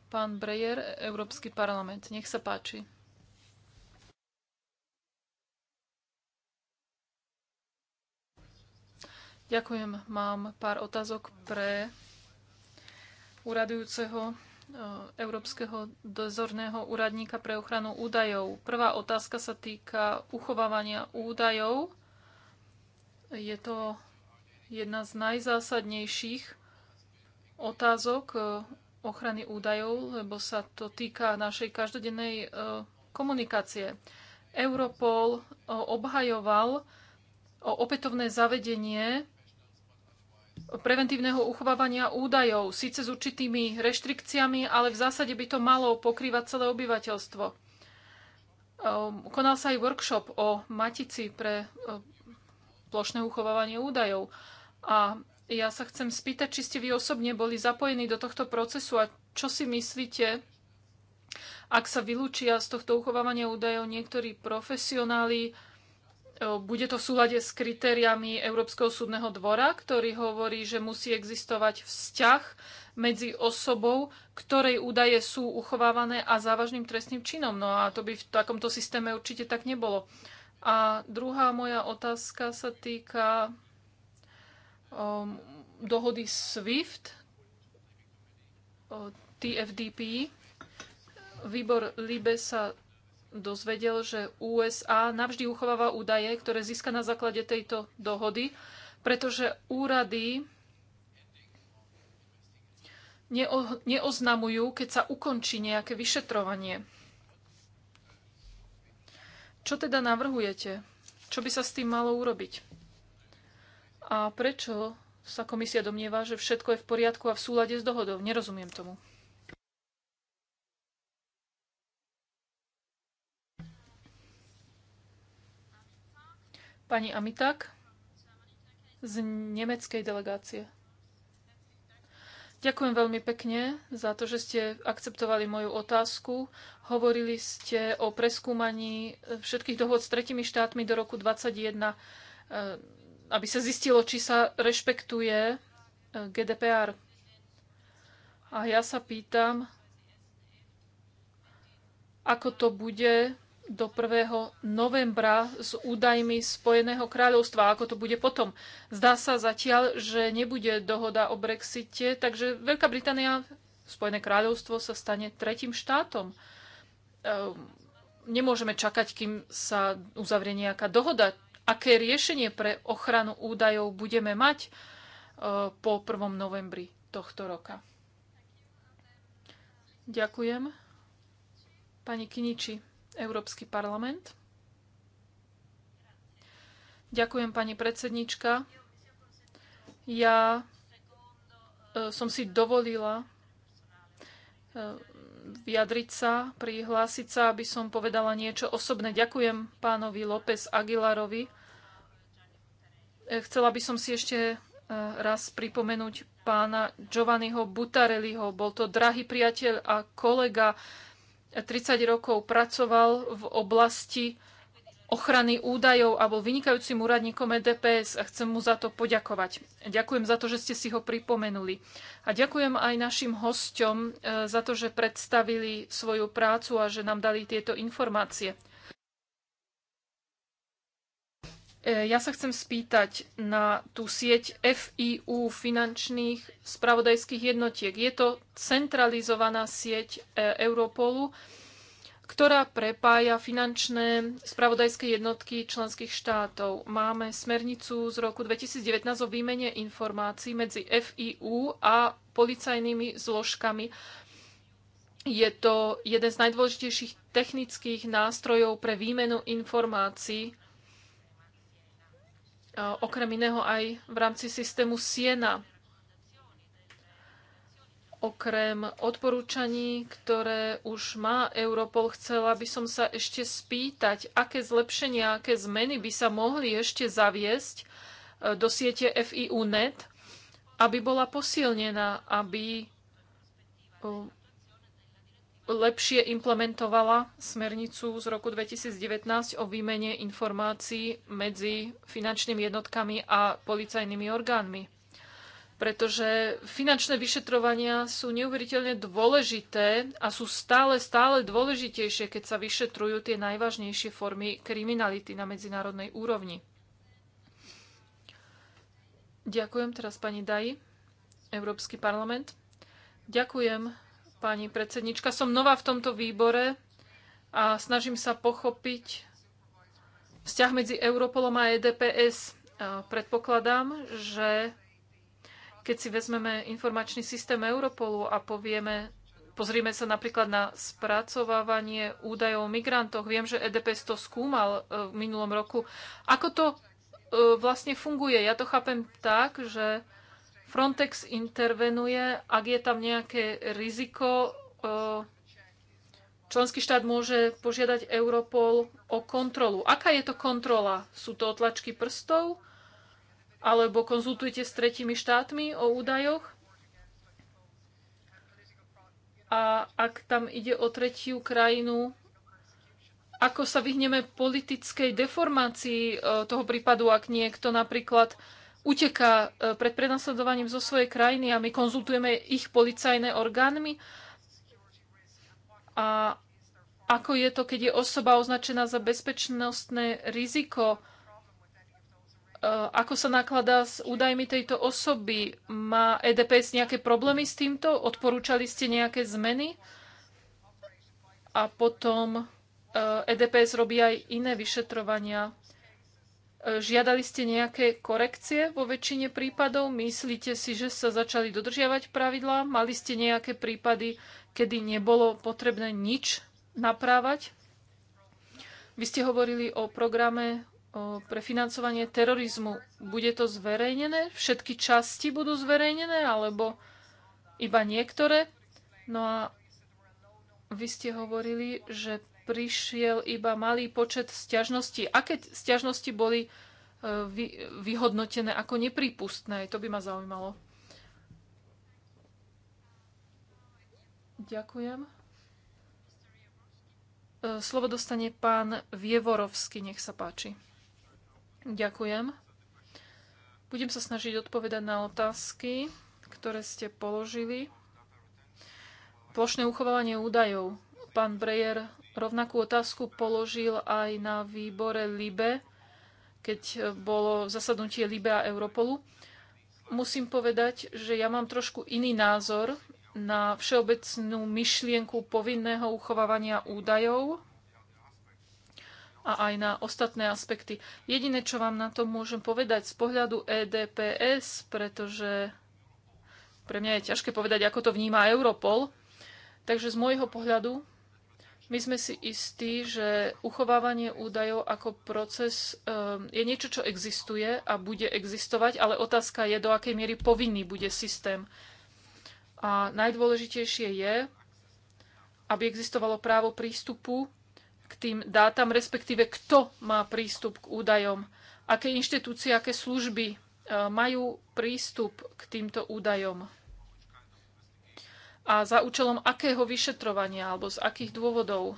Pán Brejer, Európsky parlament. Nech sa páči. Ďakujem. Mám pár otázok pre úradujúceho e, Európskeho dozorného úradníka pre ochranu údajov. Prvá otázka sa týka uchovávania údajov. Je to jedna z najzásadnejších otázok e, ochrany údajov, lebo sa to týka našej každodennej e, komunikácie. Europol obhajoval o opätovné zavedenie preventívneho uchovávania údajov, síce s určitými reštrikciami, ale v zásade by to malo pokrývať celé obyvateľstvo. Ehm, konal sa aj workshop o matici pre ehm, plošné uchovávanie údajov. A ja sa chcem spýtať, či ste vy osobne boli zapojení do tohto procesu a čo si myslíte, ak sa vylúčia z tohto uchovávania údajov niektorí profesionáli, E, bude to v súlade s kritériami Európskeho súdneho dvora, ktorý hovorí, že musí existovať vzťah medzi osobou, ktorej údaje sú uchovávané a závažným trestným činom. No a to by v takomto systéme určite tak nebolo. A druhá moja otázka sa týka um, dohody SWIFT, TFDP. Výbor LIBE sa dozvedel, že USA navždy uchováva údaje, ktoré získa na základe tejto dohody, pretože úrady neo, neoznamujú, keď sa ukončí nejaké vyšetrovanie. Čo teda navrhujete? Čo by sa s tým malo urobiť? A prečo sa komisia domnieva, že všetko je v poriadku a v súlade s dohodou? Nerozumiem tomu. Pani Amitak z nemeckej delegácie. Ďakujem veľmi pekne za to, že ste akceptovali moju otázku. Hovorili ste o preskúmaní všetkých dohod s tretimi štátmi do roku 2021, eh, aby sa zistilo, či sa rešpektuje eh, GDPR. A ja sa pýtam, ako to bude do 1. novembra s údajmi Spojeného kráľovstva, ako to bude potom. Zdá sa zatiaľ, že nebude dohoda o Brexite, takže Veľká Británia, Spojené kráľovstvo sa stane tretím štátom. Ehm, nemôžeme čakať, kým sa uzavrie nejaká dohoda. Aké riešenie pre ochranu údajov budeme mať e, po 1. novembri tohto roka? Ďakujem. Pani Kiniči. Európsky parlament. Ďakujem, pani predsednička. Ja e, som si dovolila e, vyjadriť sa, prihlásiť sa, aby som povedala niečo osobné. Ďakujem pánovi López Aguilarovi. E, chcela by som si ešte raz pripomenúť pána Giovanniho Butarelliho. Bol to drahý priateľ a kolega, 30 rokov pracoval v oblasti ochrany údajov a bol vynikajúcim úradníkom EDPS a chcem mu za to poďakovať. Ďakujem za to, že ste si ho pripomenuli. A ďakujem aj našim hosťom e, za to, že predstavili svoju prácu a že nám dali tieto informácie. E, ja sa chcem spýtať na tú sieť FIU finančných spravodajských jednotiek. Je to centralizovaná sieť e, Europolu, ktorá prepája finančné spravodajské jednotky členských štátov. Máme smernicu z roku 2019 o výmene informácií medzi FIU a policajnými zložkami. Je to jeden z najdôležitejších technických nástrojov pre výmenu informácií okrem iného aj v rámci systému Siena. Okrem odporúčaní, ktoré už má Europol, chcela by som sa ešte spýtať, aké zlepšenia, aké zmeny by sa mohli ešte zaviesť e, do siete FIU.net, aby bola posilnená, aby e, lepšie implementovala smernicu z roku 2019 o výmene informácií medzi finančnými jednotkami a policajnými orgánmi. Pretože finančné vyšetrovania sú neuveriteľne dôležité a sú stále, stále dôležitejšie, keď sa vyšetrujú tie najvážnejšie formy kriminality na medzinárodnej úrovni. Ďakujem teraz pani Daji, Európsky parlament. Ďakujem pani predsednička. Som nová v tomto výbore a snažím sa pochopiť vzťah medzi Europolom a EDPS. E, predpokladám, že keď si vezmeme informačný systém Europolu a povieme, pozrieme sa napríklad na spracovávanie údajov o migrantoch, viem, že EDPS to skúmal e, v minulom roku. Ako to e, vlastne funguje? Ja to chápem tak, že Frontex intervenuje, ak je tam nejaké riziko, e, členský štát môže požiadať Europol o kontrolu. Aká je to kontrola? Sú to otlačky prstov? Alebo konzultujete s tretími štátmi o údajoch? A ak tam ide o tretiu krajinu, ako sa vyhneme politickej deformácii e, toho prípadu, ak niekto napríklad uteká e, pred prenasledovaním zo svojej krajiny a my konzultujeme ich policajné orgánmi. A ako je to, keď je osoba označená za bezpečnostné riziko? E, ako sa nakladá s údajmi tejto osoby? Má EDPS nejaké problémy s týmto? Odporúčali ste nejaké zmeny? A potom EDPS e robí aj iné vyšetrovania. E, žiadali ste nejaké korekcie vo väčšine prípadov? Myslíte si, že sa začali dodržiavať pravidlá? Mali ste nejaké prípady, kedy nebolo potrebné nič naprávať? Vy ste hovorili o programe pre financovanie terorizmu. Bude to zverejnené? Všetky časti budú zverejnené alebo iba niektoré? No a vy ste hovorili, že prišiel iba malý počet stiažností. Aké stiažnosti boli e, vy, vyhodnotené ako neprípustné? To by ma zaujímalo. Ďakujem. E, slovo dostane pán Vievorovský, nech sa páči. Ďakujem. Budem sa snažiť odpovedať na otázky, ktoré ste položili. Plošné uchovávanie údajov. Pán Breyer Rovnakú otázku položil aj na výbore LIBE, keď e, bolo zasadnutie LIBE a Europolu. Musím povedať, že ja mám trošku iný názor na všeobecnú myšlienku povinného uchovávania údajov a aj na ostatné aspekty. Jediné, čo vám na to môžem povedať z pohľadu EDPS, pretože pre mňa je ťažké povedať, ako to vníma Europol, takže z môjho pohľadu my sme si istí, že uchovávanie údajov ako proces ehm, je niečo, čo existuje a bude existovať, ale otázka je, do akej miery povinný bude systém. A najdôležitejšie je, aby existovalo právo prístupu k tým dátam, respektíve kto má prístup k údajom, aké inštitúcie, aké služby ehm, majú prístup k týmto údajom a za účelom akého vyšetrovania alebo z akých dôvodov.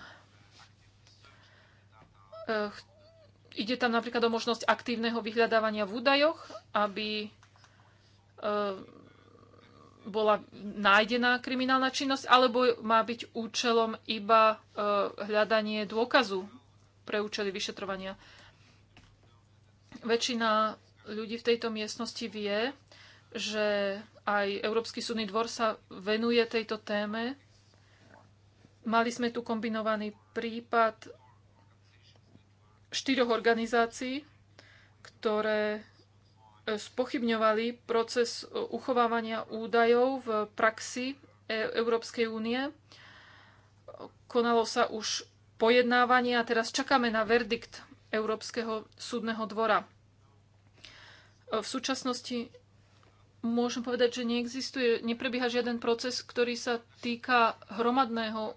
Eh, ide tam napríklad o možnosť aktívneho vyhľadávania v údajoch, aby eh, bola nájdená kriminálna činnosť, alebo má byť účelom iba eh, hľadanie dôkazu pre účely vyšetrovania. Väčšina ľudí v tejto miestnosti vie, že aj Európsky súdny dvor sa venuje tejto téme. Mali sme tu kombinovaný prípad štyroch organizácií, ktoré e, spochybňovali proces e, uchovávania údajov v praxi e, Európskej únie. Konalo sa už pojednávanie a teraz čakáme na verdikt Európskeho súdneho dvora. V súčasnosti môžem povedať, že neexistuje, neprebieha žiaden proces, ktorý sa týka hromadného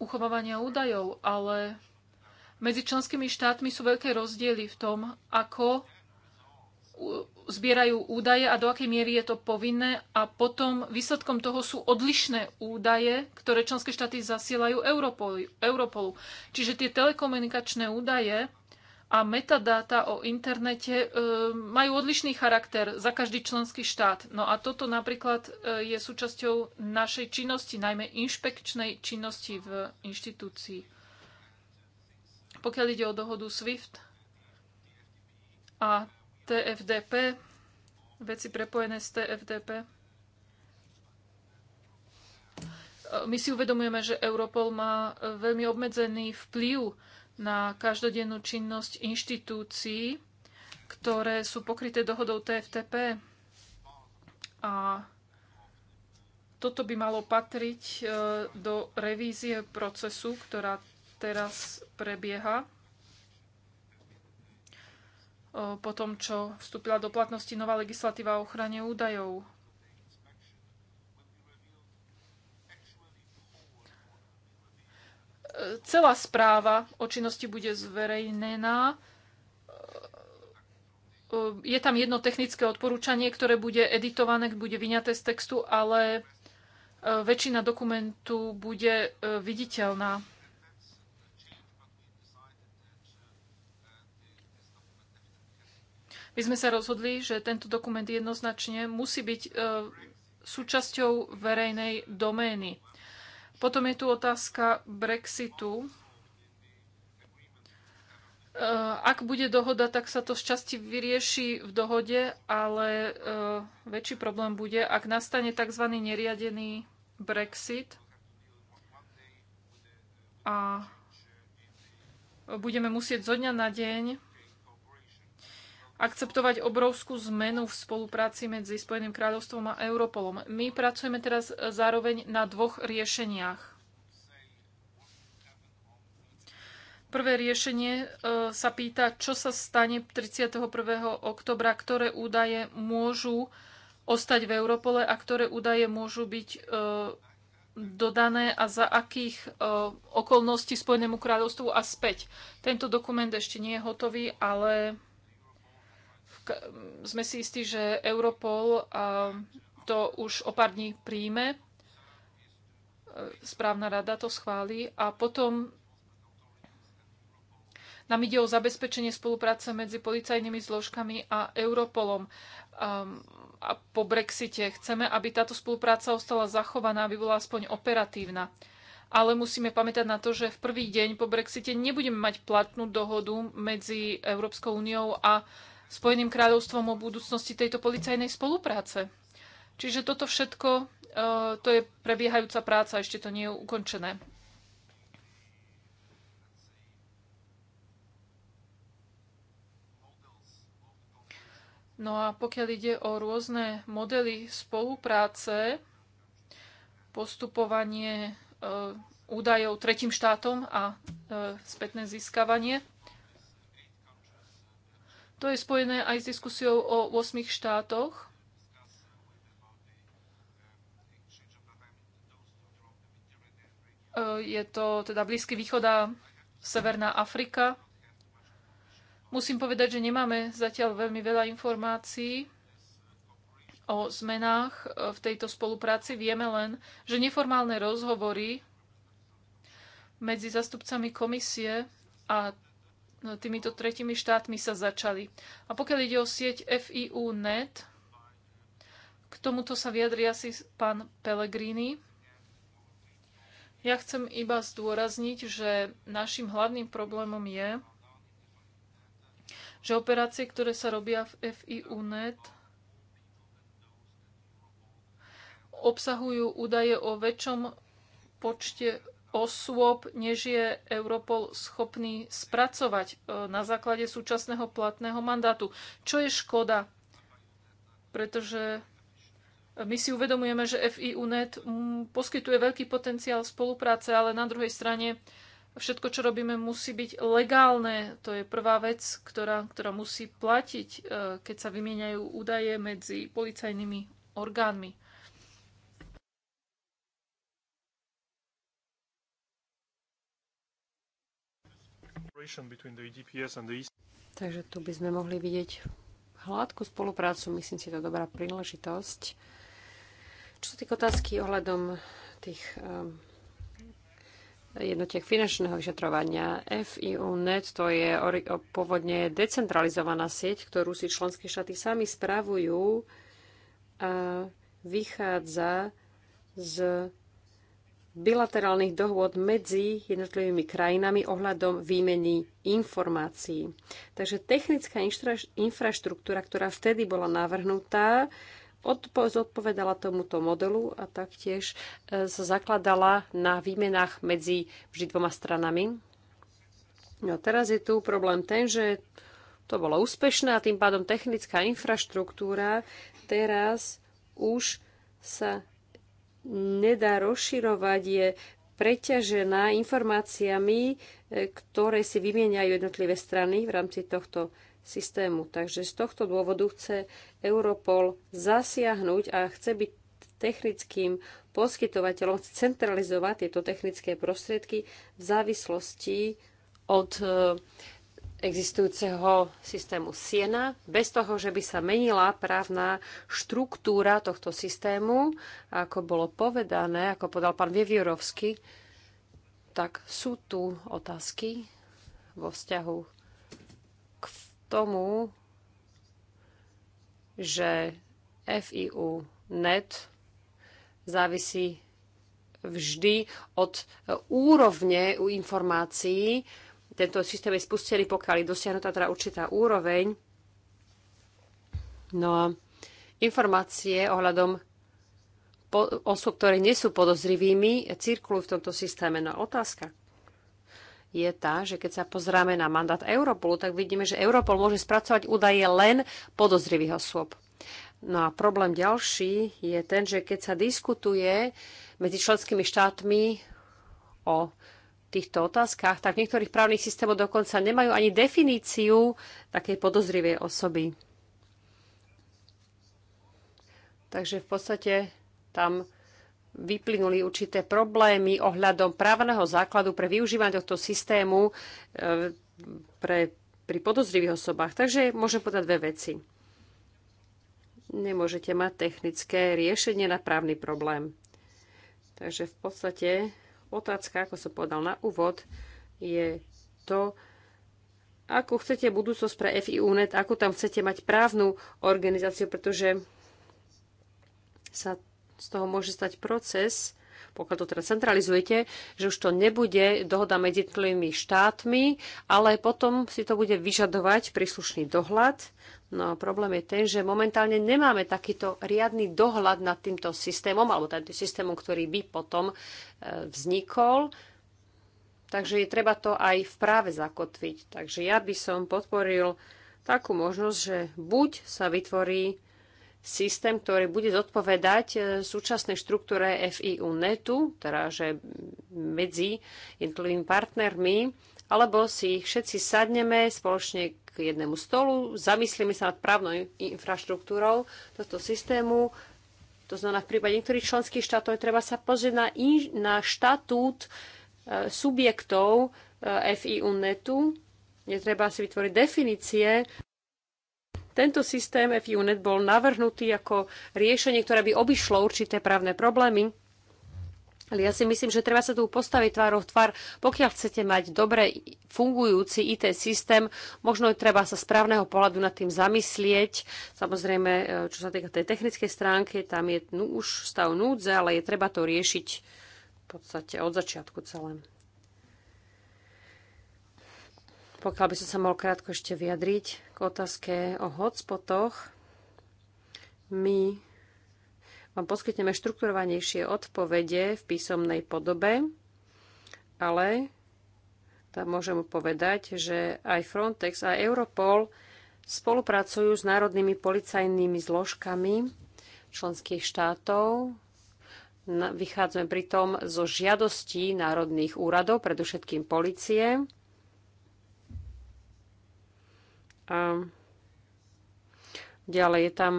uchovávania údajov, ale medzi členskými štátmi sú veľké rozdiely v tom, ako zbierajú údaje a do akej miery je to povinné a potom výsledkom toho sú odlišné údaje, ktoré členské štáty zasielajú Europolu. Čiže tie telekomunikačné údaje a metadáta o internete e, majú odlišný charakter za každý členský štát. No a toto napríklad e, je súčasťou našej činnosti, najmä inšpekčnej činnosti v inštitúcii. Pokiaľ ide o dohodu SWIFT a TFDP, veci prepojené s TFDP, e, my si uvedomujeme, že Europol má veľmi obmedzený vplyv na každodennú činnosť inštitúcií, ktoré sú pokryté dohodou TFTP. A toto by malo patriť e, do revízie procesu, ktorá teraz prebieha. E, po tom, čo vstúpila do platnosti nová legislatíva o ochrane údajov. celá správa o činnosti bude zverejnená. Je tam jedno technické odporúčanie, ktoré bude editované, bude vyňaté z textu, ale e, väčšina dokumentu bude e, viditeľná. My sme sa rozhodli, že tento dokument jednoznačne musí byť e, súčasťou verejnej domény. Potom je tu otázka Brexitu. E, ak bude dohoda, tak sa to z časti vyrieši v dohode, ale e, väčší problém bude, ak nastane tzv. neriadený Brexit a budeme musieť zo dňa na deň akceptovať obrovskú zmenu v spolupráci medzi Spojeným kráľovstvom a Europolom. My pracujeme teraz zároveň na dvoch riešeniach. Prvé riešenie e, sa pýta, čo sa stane 31. oktobra, ktoré údaje môžu ostať v Europole a ktoré údaje môžu byť e, dodané a za akých e, okolností Spojenému kráľovstvu a späť. Tento dokument ešte nie je hotový, ale sme si istí, že Europol to už o pár dní príjme, e, správna rada to schváli a potom nám ide o zabezpečenie spolupráce medzi policajnými zložkami a Europolom. a po Brexite chceme, aby táto spolupráca ostala zachovaná, aby bola aspoň operatívna. Ale musíme pamätať na to, že v prvý deň po Brexite nebudeme mať platnú dohodu medzi Európskou úniou a Spojeným kráľovstvom o budúcnosti tejto policajnej spolupráce. Čiže toto všetko, e, to je prebiehajúca práca, ešte to nie je ukončené. No a pokiaľ ide o rôzne modely spolupráce, postupovanie e, údajov tretím štátom a e, spätné získavanie, to je spojené aj s diskusiou o 8 štátoch. E, je to teda Blízky východ a Severná Afrika. Musím povedať, že nemáme zatiaľ veľmi veľa informácií o zmenách e, v tejto spolupráci. Vieme len, že neformálne rozhovory medzi zastupcami komisie a No, týmito tretimi štátmi sa začali. A pokiaľ ide o sieť FIU.net, k tomuto sa vyjadri asi pán Pellegrini. Ja chcem iba zdôrazniť, že našim hlavným problémom je, že operácie, ktoré sa robia v FIU.net, obsahujú údaje o väčšom počte osôb, než je Europol schopný spracovať e, na základe súčasného platného mandátu. Čo je škoda, pretože my si uvedomujeme, že FIUNet poskytuje veľký potenciál spolupráce, ale na druhej strane všetko, čo robíme, musí byť legálne. To je prvá vec, ktorá, ktorá musí platiť, e, keď sa vymieňajú údaje medzi policajnými orgánmi. Takže tu by sme mohli vidieť hladkú spoluprácu. Myslím si, to dobrá príležitosť. Čo sa týka otázky ohľadom tých um, jednotiek finančného vyšetrovania. FIU.net to je pôvodne decentralizovaná sieť, ktorú si členské štáty sami spravujú a vychádza z bilaterálnych dohôd medzi jednotlivými krajinami ohľadom výmeny informácií. Takže technická infraštruktúra, ktorá vtedy bola navrhnutá, odpo- zodpovedala tomuto modelu a taktiež e, sa zakladala na výmenách medzi vždy dvoma stranami. No teraz je tu problém ten, že to bolo úspešné a tým pádom technická infraštruktúra teraz už sa nedá rozširovať, je preťažená informáciami, e, ktoré si vymieňajú jednotlivé strany v rámci tohto systému. Takže z tohto dôvodu chce Europol zasiahnuť a chce byť technickým poskytovateľom, chce centralizovať tieto technické prostriedky v závislosti od e, existujúceho systému Siena, bez toho, že by sa menila právna štruktúra tohto systému. ako bolo povedané, ako podal pán Vievjurovský, tak sú tu otázky vo vzťahu k tomu, že FIU net závisí vždy od úrovne informácií, tento systém je spustený, pokiaľ je dosiahnutá teda určitá úroveň. No a informácie ohľadom osôb, ktoré nie sú podozrivými, cirkulujú v tomto systéme. No otázka je tá, že keď sa pozráme na mandát Europolu, tak vidíme, že Europol môže spracovať údaje len podozrivých osôb. No a problém ďalší je ten, že keď sa diskutuje medzi členskými štátmi o týchto otázkach, tak v niektorých právnych systémoch dokonca nemajú ani definíciu takej podozrivej osoby. Takže v podstate tam vyplynuli určité problémy ohľadom právneho základu pre využívanie tohto systému e, pre, pri podozrivých osobách. Takže môžem povedať dve veci. Nemôžete mať technické riešenie na právny problém. Takže v podstate otázka, ako som povedal na úvod, je to, ako chcete budúcnosť pre FIUNET, ako tam chcete mať právnu organizáciu, pretože sa z toho môže stať proces, pokiaľ to teda centralizujete, že už to nebude dohoda medzi jednotlivými štátmi, ale potom si to bude vyžadovať príslušný dohľad. No problém je ten, že momentálne nemáme takýto riadny dohľad nad týmto systémom, alebo týmto systémom, ktorý by potom e, vznikol. Takže je treba to aj v práve zakotviť. Takže ja by som podporil takú možnosť, že buď sa vytvorí systém, ktorý bude zodpovedať e, súčasnej štruktúre FIU netu, teda že medzi jednotlivými partnermi, alebo si všetci sadneme spoločne k jednému stolu, zamyslíme sa nad právnou infraštruktúrou tohto systému. To znamená, v prípade niektorých členských štátov je treba sa pozrieť na, inž, na štatút e, subjektov e, FIU netu. netreba si vytvoriť definície tento systém FUNET bol navrhnutý ako riešenie, ktoré by obišlo určité právne problémy, ale ja si myslím, že treba sa tu postaviť tvárov tvár. Pokiaľ chcete mať dobre fungujúci IT systém, možno treba sa správneho pohľadu nad tým zamyslieť. Samozrejme, e, čo sa týka tej technickej stránky, tam je no, už stav núdze, ale je treba to riešiť v podstate od začiatku celé. Pokiaľ by som sa mohol krátko ešte vyjadriť k otázke o hotspotoch, my vám poskytneme štrukturovanejšie odpovede v písomnej podobe, ale tam môžem povedať, že aj Frontex a Europol spolupracujú s národnými policajnými zložkami členských štátov. Vychádzame pritom zo žiadostí národných úradov, predovšetkým policie, A ďalej je tam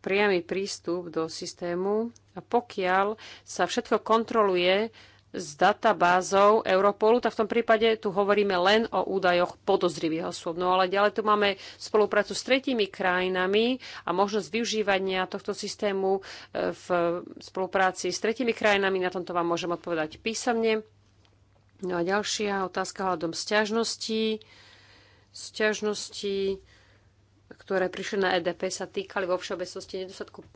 priamy prístup do systému a pokiaľ sa všetko kontroluje s databázou Europolu, tak v tom prípade tu hovoríme len o údajoch podozrivých osôb. No ale ďalej tu máme spoluprácu s tretími krajinami a možnosť využívania tohto systému e, v spolupráci s tretími krajinami. Na tomto vám môžem odpovedať písomne. No a ďalšia otázka hľadom sťažností. Sťažnosti, ktoré prišli na EDP, sa týkali vo všeobecnosti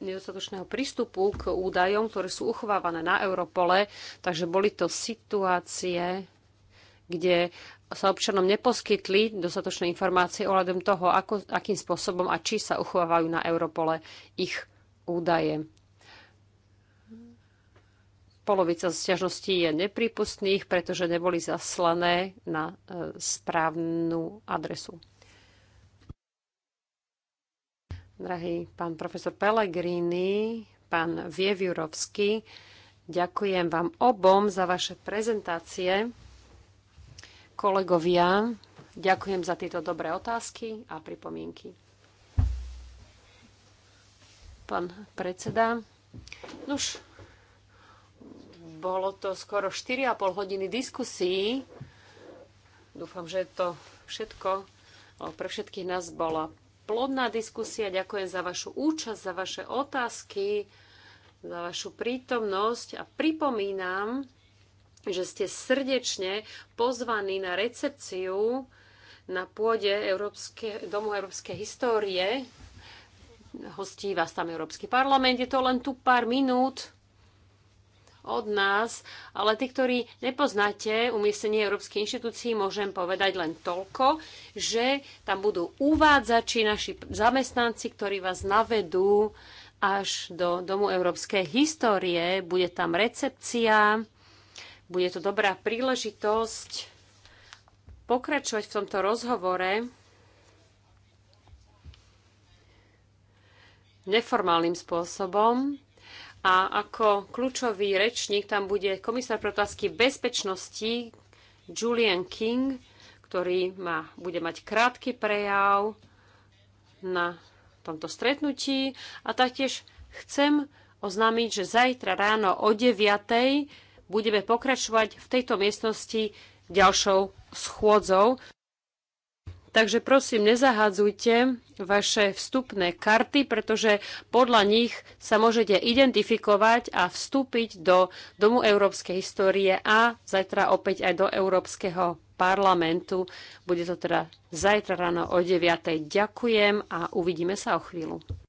nedostatočného prístupu k údajom, ktoré sú uchovávané na Europole. Takže boli to situácie, kde sa občanom neposkytli dostatočné informácie ohľadom toho, ako, akým spôsobom a či sa uchovávajú na Europole ich údaje polovica sťažností je nepripustných, pretože neboli zaslané na e, správnu adresu. Drahý pán profesor Pellegrini, pán Vievjurovský, ďakujem vám obom za vaše prezentácie. Kolegovia, ďakujem za tieto dobré otázky a pripomienky. Pán predseda, Nuž, bolo to skoro 4,5 hodiny diskusí. Dúfam, že to všetko pre všetkých nás bola plodná diskusia. Ďakujem za vašu účasť, za vaše otázky, za vašu prítomnosť a pripomínam, že ste srdečne pozvaní na recepciu na pôde Európske, Domu Európskej histórie. Hostí vás tam Európsky parlament, je to len tu pár minút od nás, ale tí, ktorí nepoznáte umiestnenie Európskej inštitúcií, môžem povedať len toľko, že tam budú uvádzači, naši zamestnanci, ktorí vás navedú až do Domu európskej histórie. Bude tam recepcia, bude to dobrá príležitosť pokračovať v tomto rozhovore neformálnym spôsobom. A ako kľúčový rečník tam bude komisár pre otázky bezpečnosti Julian King, ktorý má, bude mať krátky prejav na tomto stretnutí. A taktiež chcem oznámiť, že zajtra ráno o 9.00 budeme pokračovať v tejto miestnosti ďalšou schôdzou. Takže prosím, nezahádzujte vaše vstupné karty, pretože podľa nich sa môžete identifikovať a vstúpiť do Domu európskej histórie a zajtra opäť aj do Európskeho parlamentu. Bude to teda zajtra ráno o 9. Ďakujem a uvidíme sa o chvíľu.